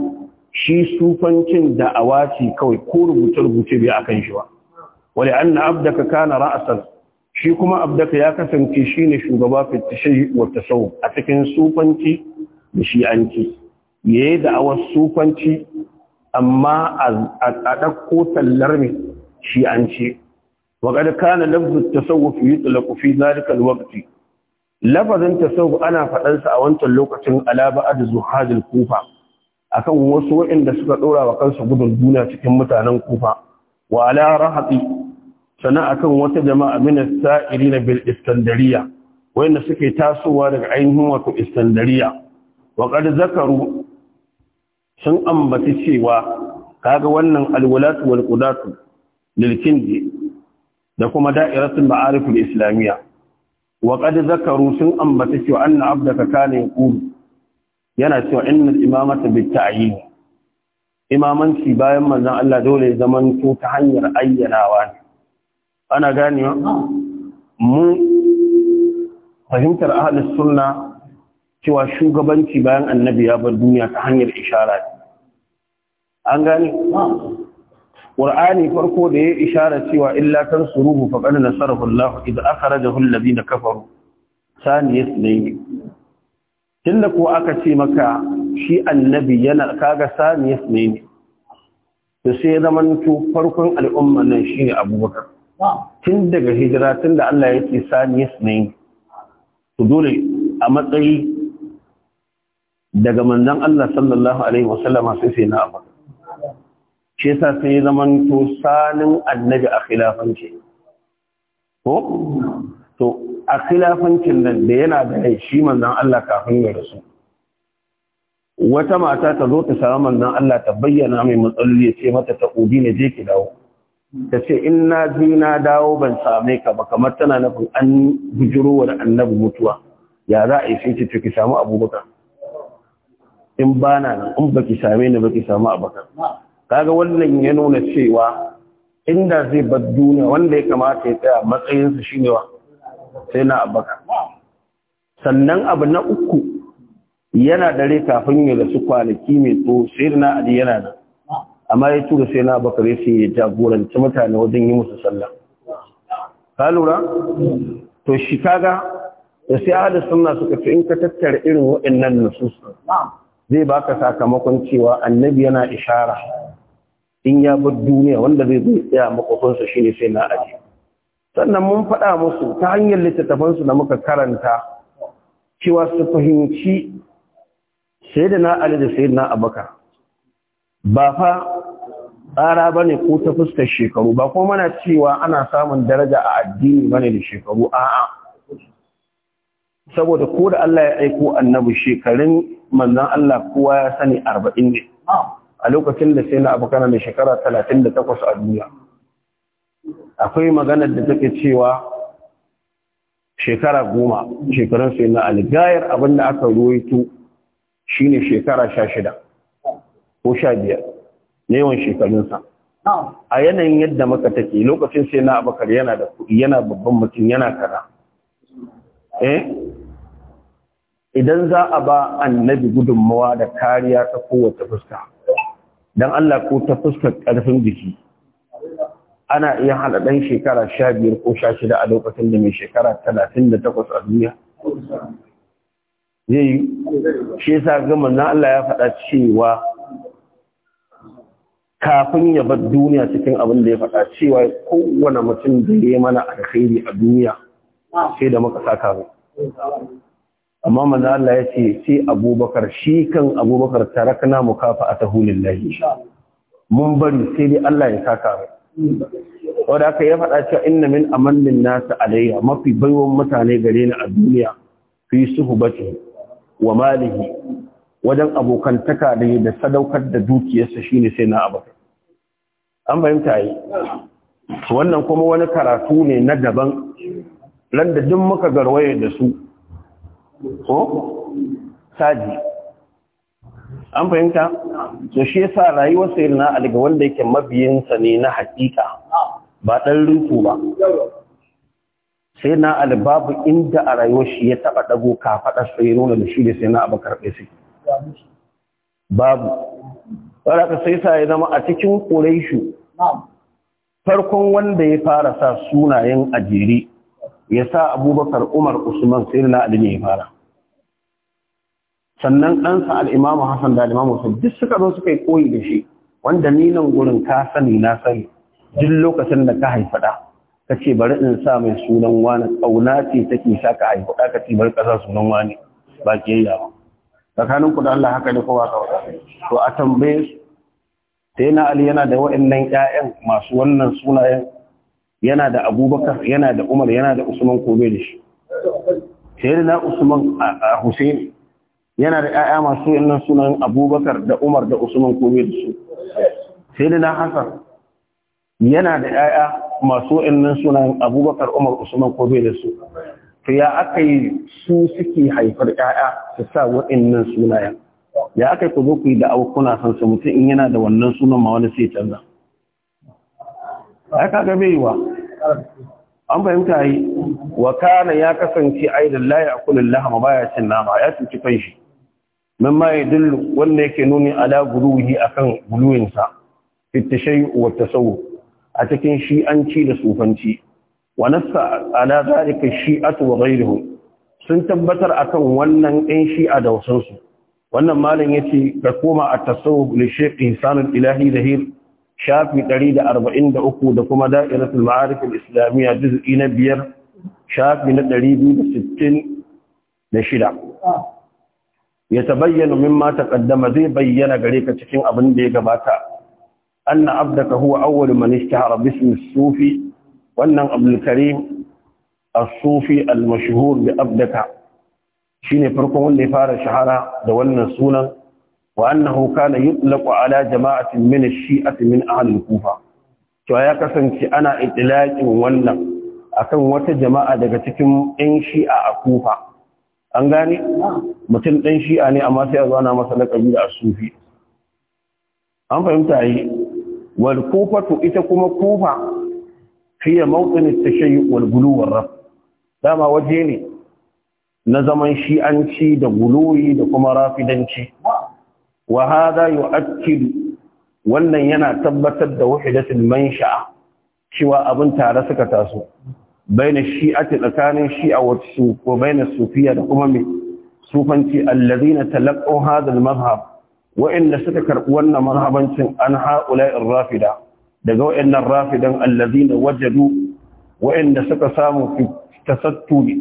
shi sufancin da awaci kawai ko rubuce rubuce bai akan shi ba wali anna abdaka kana ra'asan shi kuma abdaka ya kasance shine shugaba fitashai wa tasawuf a cikin sufanci da shi'anci yayi da awar sufanci amma a ɗauko tallar mai shi'anci waƙar kana lafzin tasawuf yi tsalaku fi zalikal wakti lafazin tasawuf ana faɗansa a wancan lokacin alaba da zuhajin kufa akan wasu waɗanda suka ɗora wa kansu gudun duniya cikin mutanen kufa wa ala rahaɗi sannan akan wata jama'a min as-sa'irina bil iskandariya wayanda suke tasowa daga ainihin wato iskandariya wa qad zakaru sun ambaci cewa kaga wannan alwalatu wal qudatu lil Kinji, da kuma da'iratul ma'arif al islamiyya wa qad zakaru sun ambaci cewa anna abdaka kana yaqulu yana cewa inna imamata bit ta'yin imamanci bayan manzon Allah dole ya zaman to ta hanyar ayyanawa ne ana ganewa mu fahimtar ahalis suna cewa shugabanci bayan annabi ya bar duniya ta hanyar ishara an gane Qur'ani farko da ya ishara cewa illa kan tansuruhu faqad nasarahu Allah idza akhrajahu alladhina kafaru sani tun da ko aka ce maka shi annabi yana kaga sani yasnayi Da sai zamanto farkon al'umma nan shi ne Abubakar tun daga hijira tun da Allah ya ce saniyas ne to dole a matsayi daga manzan Allah sallallahu alaihi wasallama sai sai na abu shi sa sai zaman to salin annabi a khilafanci ko to a khilafancin nan da yana da shi manzan Allah kafin ya rasu wata mata ta zo ta samu manzan Allah ta bayyana mai matsaloli ya ce mata ta ubi na je ki dawo ta ce in na na dawo ban same ka ba kamar tana na an bujiro da annabi mutuwa ya za a yi sai ce ki samu abubakar in ba na nan in baki same ni baki samu abubakar kaga wannan ya nuna cewa inda zai bar duniya wanda ya kamata ya tsaya matsayinsa shine wa sai na abubakar sannan abu na uku yana dare kafin ya rasu kwanaki mai tso sai na ali yana nan. amma ya tura sai na bakare ya ya jagoranci mutane wajen yi musu sallah ka lura to shi kaga da sai ahli sunna suka ce in ka tattara irin waɗannan nusus zai baka sakamakon cewa annabi yana ishara in ya bar duniya wanda zai zai tsaya makwakonsa shine sai na aji sannan mun faɗa musu ta hanyar littattafansu da muka karanta cewa su fahimci sai ali da sai na abakar ba fa tsara ba ne ko ta fuskar shekaru ba ko mana cewa ana samun daraja a addini ba ne da shekaru a'a saboda ko da Allah ya aiko annabi shekarun manzan Allah kowa ya sani arba'in ne a lokacin da sai na abu kana da shekara talatin da takwas a duniya akwai maganar da take cewa shekara goma shekarun sai na aligayar da aka ruwaito shine shekara sha shida ko sha biyar na yawan shekarunsa a yanayin yadda maka take lokacin sai na abakar yana da kuɗi yana babban mutum yana kara eh? idan za a ba annabi gudunmawa da kariya ta kowace fuska don Allah ko ta fuskar karfin jiki ana iya haɗa ɗan shekara sha biyar ko sha shida a lokacin da mai shekara talatin da takwas a duniya zai yi shi sa gama na Allah ya faɗa cewa kafin ya bar duniya cikin abin da ya faɗa cewa kowane mutum da ya mana alkhairi a duniya sai da muka saka mai amma manzo Allah ya ce sai Abubakar shi kan Abubakar tarakna ta lillahi mun bari sai dai Allah ya saka mai wanda aka ya faɗa cewa inna min amannin nasu alayya mafi baiwan mutane gare ni a duniya fi suhbati wa malihi wajen abokantaka da da sadaukar da dukiyarsa shine sai na abaka an fahimta yi wannan kuma wani karatu ne na daban landa duk muka garwaye da su ko saji an fahimta to shi yasa rayuwar sayyidina ali ga wanda yake mabiyinsa ne na hakika ba dan rufu ba sayyidina ali babu inda a rayuwar shi ya taba dago ka fada sayyidina da shi da sayyidina abakar sai? babu wadda sai sa ya zama a cikin ƙureshu farkon wanda ya fara sa sunayen Ajere ya sa abubakar umar usman sai na ali ne ya fara sannan ɗansa al'imamu hassan da al'imamu sun duk suka zo suka yi koyi da shi wanda ni nan gurin ka sani na sani duk lokacin da ka haifa ka ce bari in sa mai sunan wani ƙauna ce take sa ka haifa ɗa ka ce bari ka sa sunan wani ba ke yawa tsakanin ku da Allah haka ne kowa ka wata to a tambaye su sai na Ali yana da nan ƴaƴan masu wannan sunayen yana da Abubakar yana da Umar yana da Usman ko bai da shi sai na Usman a Hussein yana da ƴaƴa masu wannan sunayen Abubakar da Umar da Usman ko bai da su sai na Hassan yana da ƴaƴa masu wannan sunayen Abubakar Umar Usman ko bai da su to ya aka yi su suke haifar ƴaƴa su sa waɗannan sunayen ya aka yi ku zo ku yi da kuna san su mutum in yana da wannan sunan ma wani sai canza aka kaga bai wa an fahimta yi wa kana ya kasance ai layi la ya'kulu lahama baya cin nama ya tuki kanshi mimma yadullu wanda yake nuni ala guruhi akan guluwinsa fi tashayyu wa a cikin shi'anci da sufanci wa nassa ala zalika shi'atu wa sun tabbatar akan wannan ɗin shi'a da wasansu wannan malam yace ka koma a tasawuf li shaykh ihsan ilahi zahir shafi 143 da kuma da'iratul ma'arif islamiyya juz'i na biyar shafi na 266 ya min mimma taqaddama zai bayyana gare ka cikin abin da ya gabata anna abdaka huwa awwal man ishtahara bismi sufi wannan abdulkarim as-sufi al-mashhur bi abdaka shine farkon wanda ya fara shahara da wannan sunan wa annahu kana yutlaqu ala jama'atin min ash-shi'ati min ahli al-kufa to ya kasance ana itlaqin wannan akan wata jama'a daga cikin ɗan shi'a a kufa an gane mutum ɗan shi'a ne amma sai a zo ana masa laƙabi da sufi an fahimta yi wal kufatu ita kuma kufa hiya mawqin at-tashayyu' wal ghulu war raf dama waje ne na zaman shi'anci da guluyi da kuma rafidanci wa hada yu'akkidu wannan yana tabbatar da wahidatul mansha'a cewa abin tare suka taso baina shi'ati tsakanin shi'a wa ko baina sufiya da kuma mai sufanci alladhina talaqqa hadha al-madhhab wa inda suka karɓi wannan marhabancin an ha'ula'ir rafida daga rafi rafidan allazina wajadu wayanda suka samu fi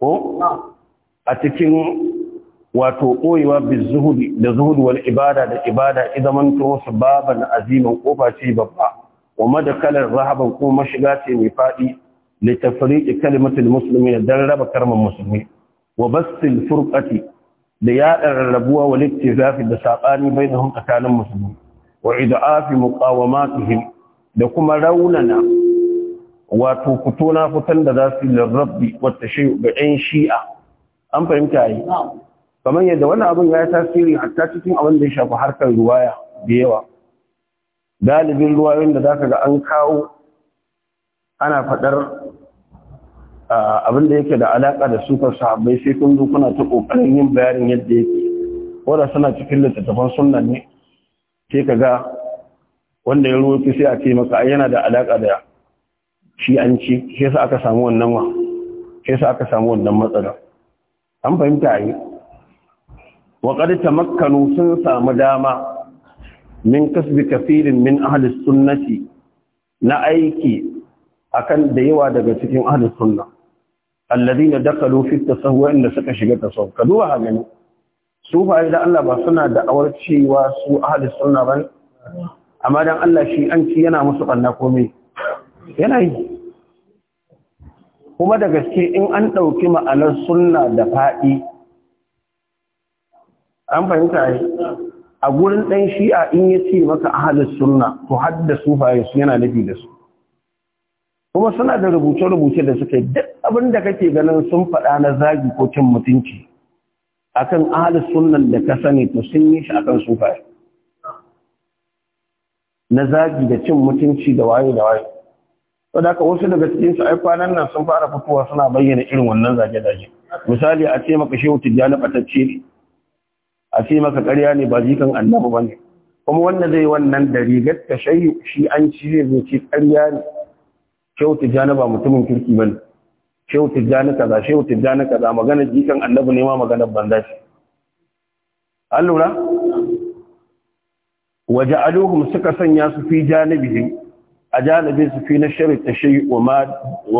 ko a cikin wato koyewa bi da zuhud ibada da ibada idaman to babana aziman kofa ce babba wa madakalar rahaban ko mashiga ce mai fadi li tafriqi musulmi da dan raba karman musulmi wa basil furqati da yaɗa rabuwa wa littafi da bai da tsakanin musulmi wa idafi muqawamatihim da kuma raunana wato kutona fitan da za su rabbi wata shi ga shi'a an fahimta yi kamar yadda wannan abin ya yi tasiri hatta cikin abin da ya shafi harkar ruwaya da yawa galibin ruwayoyin da zaka ga an kawo ana faɗar abin da yake da alaka da sukar sahabbai sai kun zo kuna ta ƙoƙarin yin bayanin yadda yake wanda suna cikin littattafan sunna ne Ke ka ga wanda ya roƙi sai a ce maka yana da alaƙa da shi an ci shi sa aka samu wannan wa shi sa aka samu wannan matsala an fahimta a yi wa makkanu sun samu dama min kasbi kafirin min ahalis sunnati na aiki akan da yawa daga cikin ahalis sunna alladhina dakalu fi tasawwu inda suka shiga tasawwu kaduwa ha gani su da Allah ba suna da awar cewa su ahli sunna ba amma dan Allah shi an ci yana musu kanna komai yana yi kuma da gaske in an ɗauki ma'anar sunna da fadi an fahimta yi a gurin ɗan shi'a in ya ce maka ahalin sunna to hadda su su yana nufi da su kuma suna da rubuce-rubuce da suka yi duk abin da kake ganin sun faɗa na zagi ko cin mutunci akan ahalus sunnan da ka sani to sun yi shi akan sufaye na zagi da cin mutunci da waye da waye da ka wasu daga cikin su ai kwanan nan sun fara fitowa suna bayyana irin wannan zage zage misali a ce maka shehu tijjani batacce ne a ce maka ƙarya ne ba jikan annabi bane kuma wanda zai wannan da rigar ta shi an ci zai ce ƙarya ne shehu tijjani ba mutumin kirki bane shehu tijjani kaza shehu tijjani kaza magana jikan annabi ne ma maganar banza shi. an lura suka sanya su fi janibihim a janibin su fi na sharri ta shi wa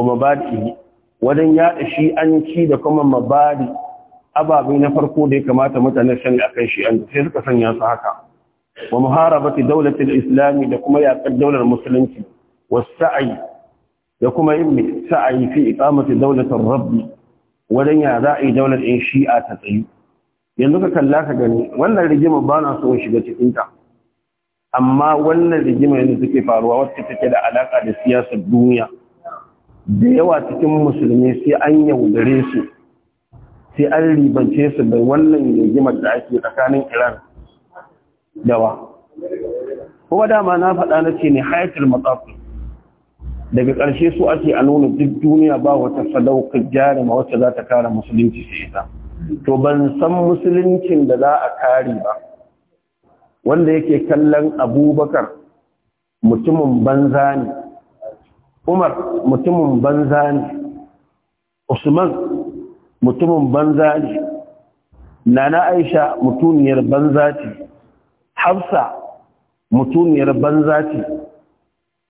mabadi wajen yaɗa shi an ci da kuma mabadi Ababai na farko da ya kamata mutane sani a kai shi an sai suka sanya su haka wa muharabati daulatul islami da kuma yaƙar daular musulunci wasu sa'ayi da kuma yin sa'ayi fi iqamati dawlatir rabbi wajen ya za a yi daular in shi'a ta tsayu yanzu ka kalla ka gani wannan rigima ba na so shiga cikin ta amma wannan rigima yanzu take faruwa wacce take da alaka da siyasar duniya da yawa cikin musulmi sai an yaudare su sai an ribance su da wannan rigimar da ake tsakanin iran dawa kuma dama na faɗa na ce ne hayatul matsafi daga ƙarshe su ake a nuna duk duniya ba wata sadaukar ma wacce za ta kare musulunci sai ita to ban san musuluncin da za a kare ba wanda yake kallon abubakar mutumin banza ne umar mutumin banza ne usman mutumin banza ne nana aisha mutuniyar banza ce hafsa mutuniyar banza ce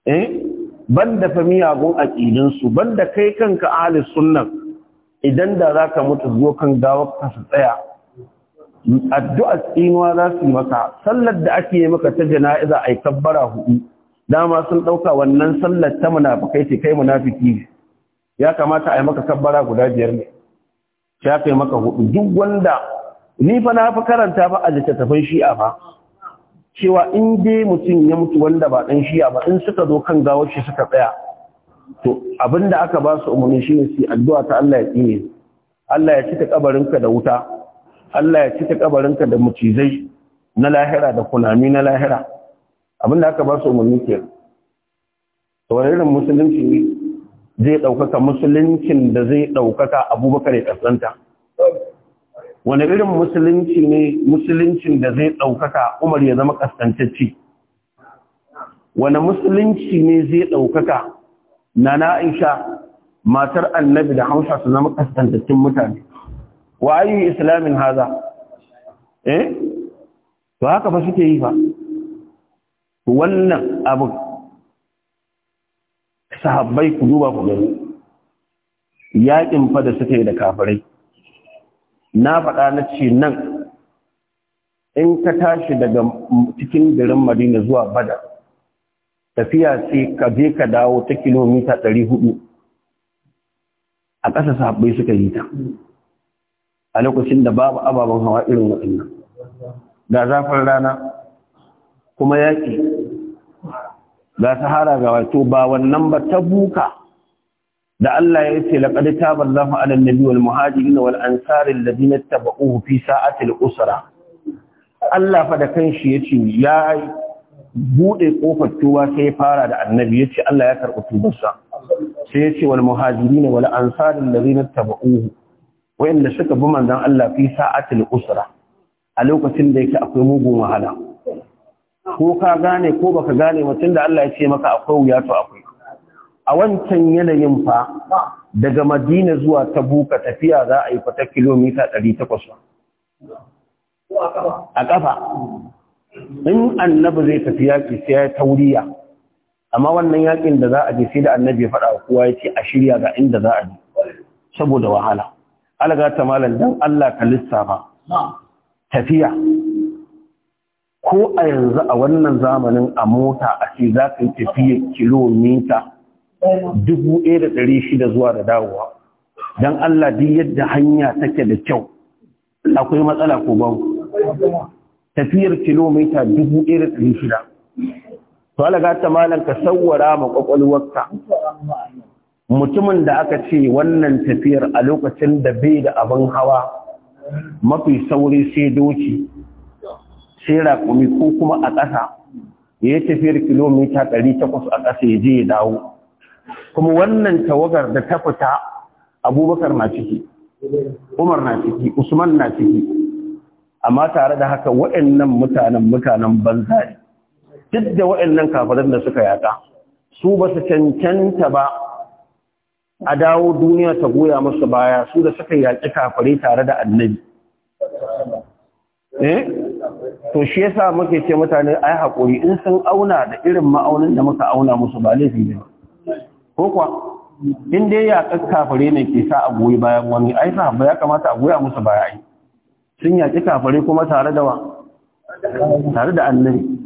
eh banda fa miyagun su banda kai kanka ahli sunna idan da zaka mutu zo kan gawar ka su tsaya Addu'a tsinuwa za su maka sallar da ake yi maka ta jana'iza ai kabbara hudu dama sun ɗauka wannan sallar ta munafikai ce kai munafiki ya kamata a maka kabbara guda biyar ne ya kai maka hudu duk wanda ni fa na fi karanta fa a littattafan shi'a fa cewa in dai mutum ya mutu wanda ba ɗan shiya ba in suka zo kan gawar shi suka tsaya to abinda aka ba su umarni shi ne su addu'a ta Allah ya tsine Allah ya cika kabarinka da wuta Allah ya cika kabarinka da mucizai na lahira da kunami na lahira abinda aka ba su umarni ke irin musulunci zai ɗaukaka musuluncin da zai ɗaukaka abubakar ya ƙasanta wani irin musulunci ne musuluncin da zai ɗaukaka umar ya zama ƙasƙantacci wani musulunci ne zai ɗaukaka na na’aisha matar annabi da hausa su zama ƙasƙantaccen mutane wa ayyu islamin haza eh to haka fa suke yi fa wannan abu sahabbai ku duba ku gani yaƙin fa da suke da kafirai na faɗa na ce nan in ka tashi daga cikin garin madina zuwa Bada, tafiya sai ka je ka dawo ta kilomita 400 a ƙasa sabai suka yi ta a lokacin da babu ababen hawa irin waɗannan ga zafin rana kuma yaƙi ga sahara ga wato ba wannan ba ta buka da Allah ya ce laqad taballahu ala an-nabi wal muhajirin wal ansar alladhina tabauhu fi sa'atil usra Allah fa da kanshi yace ya bude kofar tuba sai fara da annabi yace Allah ya karɓi tubarsa sai yace wal muhajirin wal ansar alladhina tabauhu wayanda suka bi manzon Allah fi sa'atil usra a lokacin da yake akwai mugun wahala ko ka gane ko baka gane mutum da Allah ya ce maka akwai wuya to akwai a wancan yanayin fa daga madina zuwa ta buka tafiya za a yi fata kilomita 800 a ƙafa in annabi zai tafi yaƙi sai ya tauriya amma wannan yaƙin da za a je sai da annabi ya faɗa kowa ya ce a shirya ga inda za a je saboda wahala alaga ta malam dan Allah ka lissafa tafiya ko a yanzu a wannan zamanin a mota a ce za ka yi tafiya kilomita dubu ɗaya da ɗari shida zuwa da dawowa don Allah duk yadda hanya take da kyau akwai matsala ko ba tafiyar kilomita dubu ɗaya da ɗari shida to alaga ta malam ka sauwara ma kwakwalwarka mutumin da aka ce wannan tafiyar a lokacin da bai da abin hawa mafi sauri sai doki sai raƙumi ko kuma a ƙasa ya yi tafiyar kilomita ɗari takwas a ƙasa ya je ya dawo kuma wannan tawagar da ta fita abubakar na ciki umar na ciki usman na ciki amma tare da haka waɗannan mutanen mutanen banza ne duk da waɗannan kafirin da suka yaka su ba su cancanta ba a dawo duniya ta goya musu baya su da suka yaƙi kafare tare da annabi eh to shi yasa muke ce mutane ai haƙuri in sun auna da irin ma'aunin da muka auna musu ba laifi ne ba ko kuwa in dai ya kafare ne ke sa a goyi bayan wani ai sahabba ya kamata a goya musu baya ai sun yaƙi kafare kuma tare da wa tare da annabi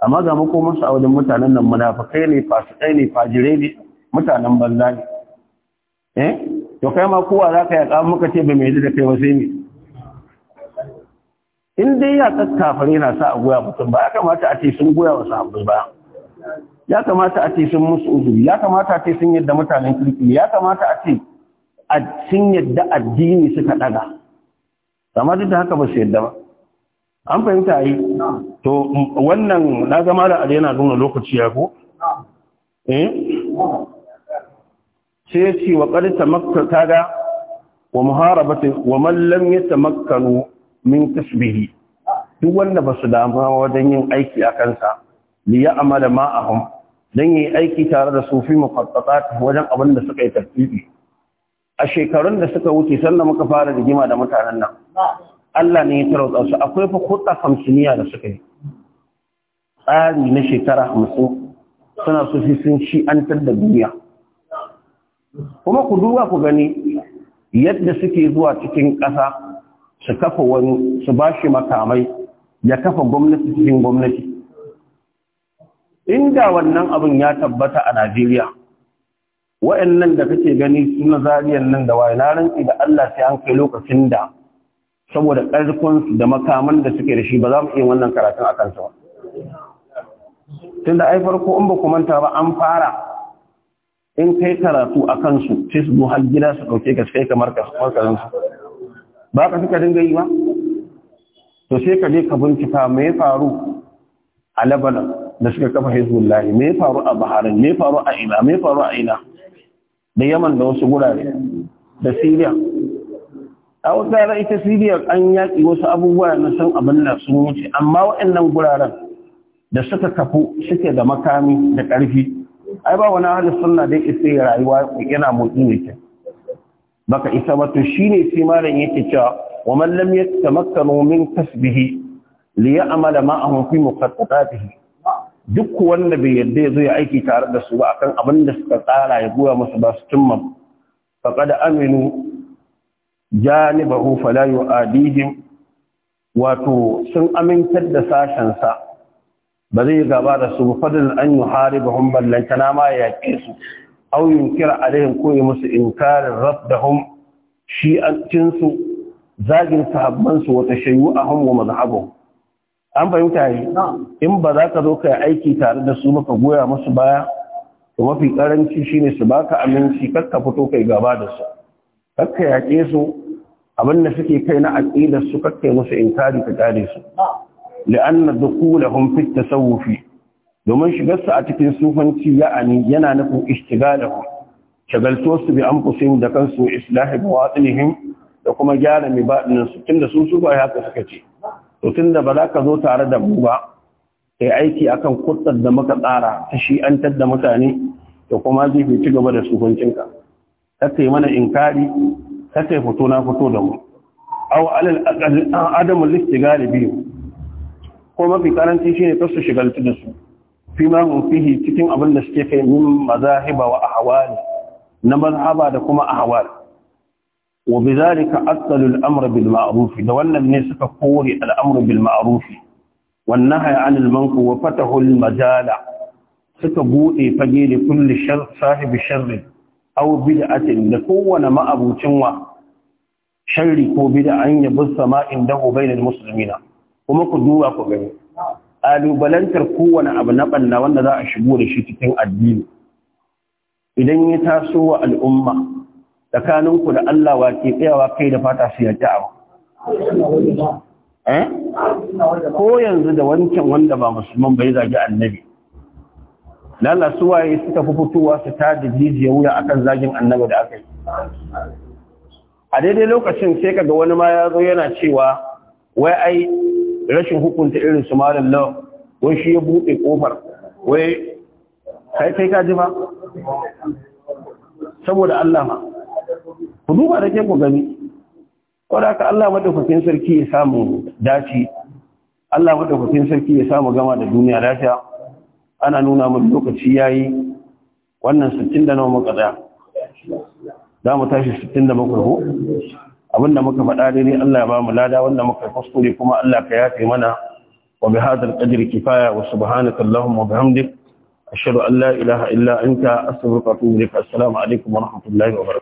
amma ga makomansu a wajen mutanen nan munafikai ne fasikai ne fajire ne mutanen banza ne eh to kai ma kowa za ka yaƙa muka ce ba mai da kai ba sai ne in dai ya kafare na sa a goya mutum ba ya kamata a ce sun goya wa sahabbai ba ya kamata a ce sun musu uzuri ya kamata a ce sun yadda mutanen kirki ya kamata a ce sun yadda addini suka daga amma duk da haka ba su yadda ba an fahimta yi to wannan na zama da yana nuna lokaci ya ko eh sai ce wa qad ta ga wa muharabati wa mallan lam yatamakkanu min tasbihi duk wanda ba su dama wajen yin aiki a kansa liya amala ma'ahum don yi aiki tare da sufi mafattata wajen abin da suka yi tafiye a shekarun da suka wuce sannan muka fara rigima da mutanen nan Allah ne ya tarauta su akwai fa kuɗa hamsiniya da suka yi tsari na shekara hamsin suna sufi sun shi an da duniya kuma ku duba ku gani yadda suke zuwa cikin ƙasa su kafa wani su ba makamai ya kafa gwamnati cikin gwamnati inda wannan abin ya tabbata a Najeriya wa'annan da kake gani suna zariyan nan da waye na rantsi da Allah sai an kai lokacin da saboda ƙarfin da makaman da suke da shi ba za mu iya wannan karatun akan sa ba tunda ai farko in ba ku manta ba an fara in kai karatu a su sai har gida su dauke ka sai kamar ka su ba ka suka dinga yi ba to sai ka je ka bincika me ya faru a Labalan. da suka kafa hezbollah me faru a baharin me faru a ina me faru a ina da yaman da wasu gurare da syria a wata yara, ita syria an yaƙi wasu abubuwa na san abin da sun wuce amma waɗannan guraren da suka kafu suke da makami da ƙarfi ai ba wani halin sunna da isa rayuwa yana motsi ne ke baka isa ba to shine sai malam yake cewa wa man lam yatamakkanu min kasbihi li ya'mala ma'ahu fi muqaddatihi duk wanda bai yarda ya zo ya aiki tare da su ba akan abin da suka tsara ya goya masu ba su cimma faqad aminu janibahu fala yu'adihim wato sun amintar da sashen sa ba zai gaba da su fadil an yuharibahum na ma ya ke su aw yunkira alaihim ko yi musu inkarin raddahum shi'ancin su zagin sahabban su wata a wa mazhabu an fahimta yi in ba za ka zo ka aiki tare da su maka goya musu baya to mafi karanci shine su baka aminci kakka fito kai gaba da su kakka yaƙe su abin da suke kai na aqidar su kakka yi musu inkari ka kare su la'anna dukulahum fi tasawufi domin shigar su a cikin sufanci ya'ani yana nufin ishtigalahu shagaltuwar su bi anfusihim da kansu islahi bawatinihim da kuma gyara mibadinin su tunda su su ba haka suka ce to da ba za ka zo tare da mu ba kai aiki akan kutsar da muka tsara ta shi an tadda mutane to kuma zai ci gaba da ka kai mana inkari kai fito na fito da mu aw alal aqal adamu listigali biyu ko mafi karanci shine kasu shigaltu da su fi ma fihi cikin abin da suke kai min mazahiba wa ahwal na mazhaba da kuma ahwal wa bi zalika asalu al-amr bil ma'ruf da wannan ne suka kore al-amr bil ma'ruf wan nahy 'anil munkar wa fatahu majala suka buɗe fage da kulli shar sahibi sharri aw bid'atin da kowane ma'abucin wa sharri ko bid'an ya bussa ma indahu bainal muslimina kuma ku duba ku gani ƙalubalantar kowane abu na ɓanna wanda za a shigo da shi cikin addini idan ya taso wa al'umma tsakaninku da Allah wa ke tsayawa kai da fata su yadda abu eh? ko yanzu da wancan wanda ba musulman bai zagi annabi lalla suwaye suka fi fitowa su ta da jijiya wuya akan zagin annabi da aka yi a daidai lokacin sai ka ga wani ma ya zo yana cewa wai ai rashin hukunta irin su malam law wai shi ya buɗe kofar wai kai kai ka ji ba saboda Allah ma ku duba da ke ku gani wadda ka Allah madaukakin sarki ya samu dace Allah madaukakin sarki ya samu gama da duniya lafiya ana nuna mu lokaci yayi wannan 60 da nawa muka tsaya za mu tashi 60 da ko abinda muka faɗa dai Allah ya ba mu lada wanda muka kuskure kuma Allah ka yafe mana wa bi qadri kifaya wa subhanaka allahumma wa bihamdik ashhadu an la ilaha illa anta astaghfiruka wa atubu ilaik assalamu alaikum wa rahmatullahi wa barakatuh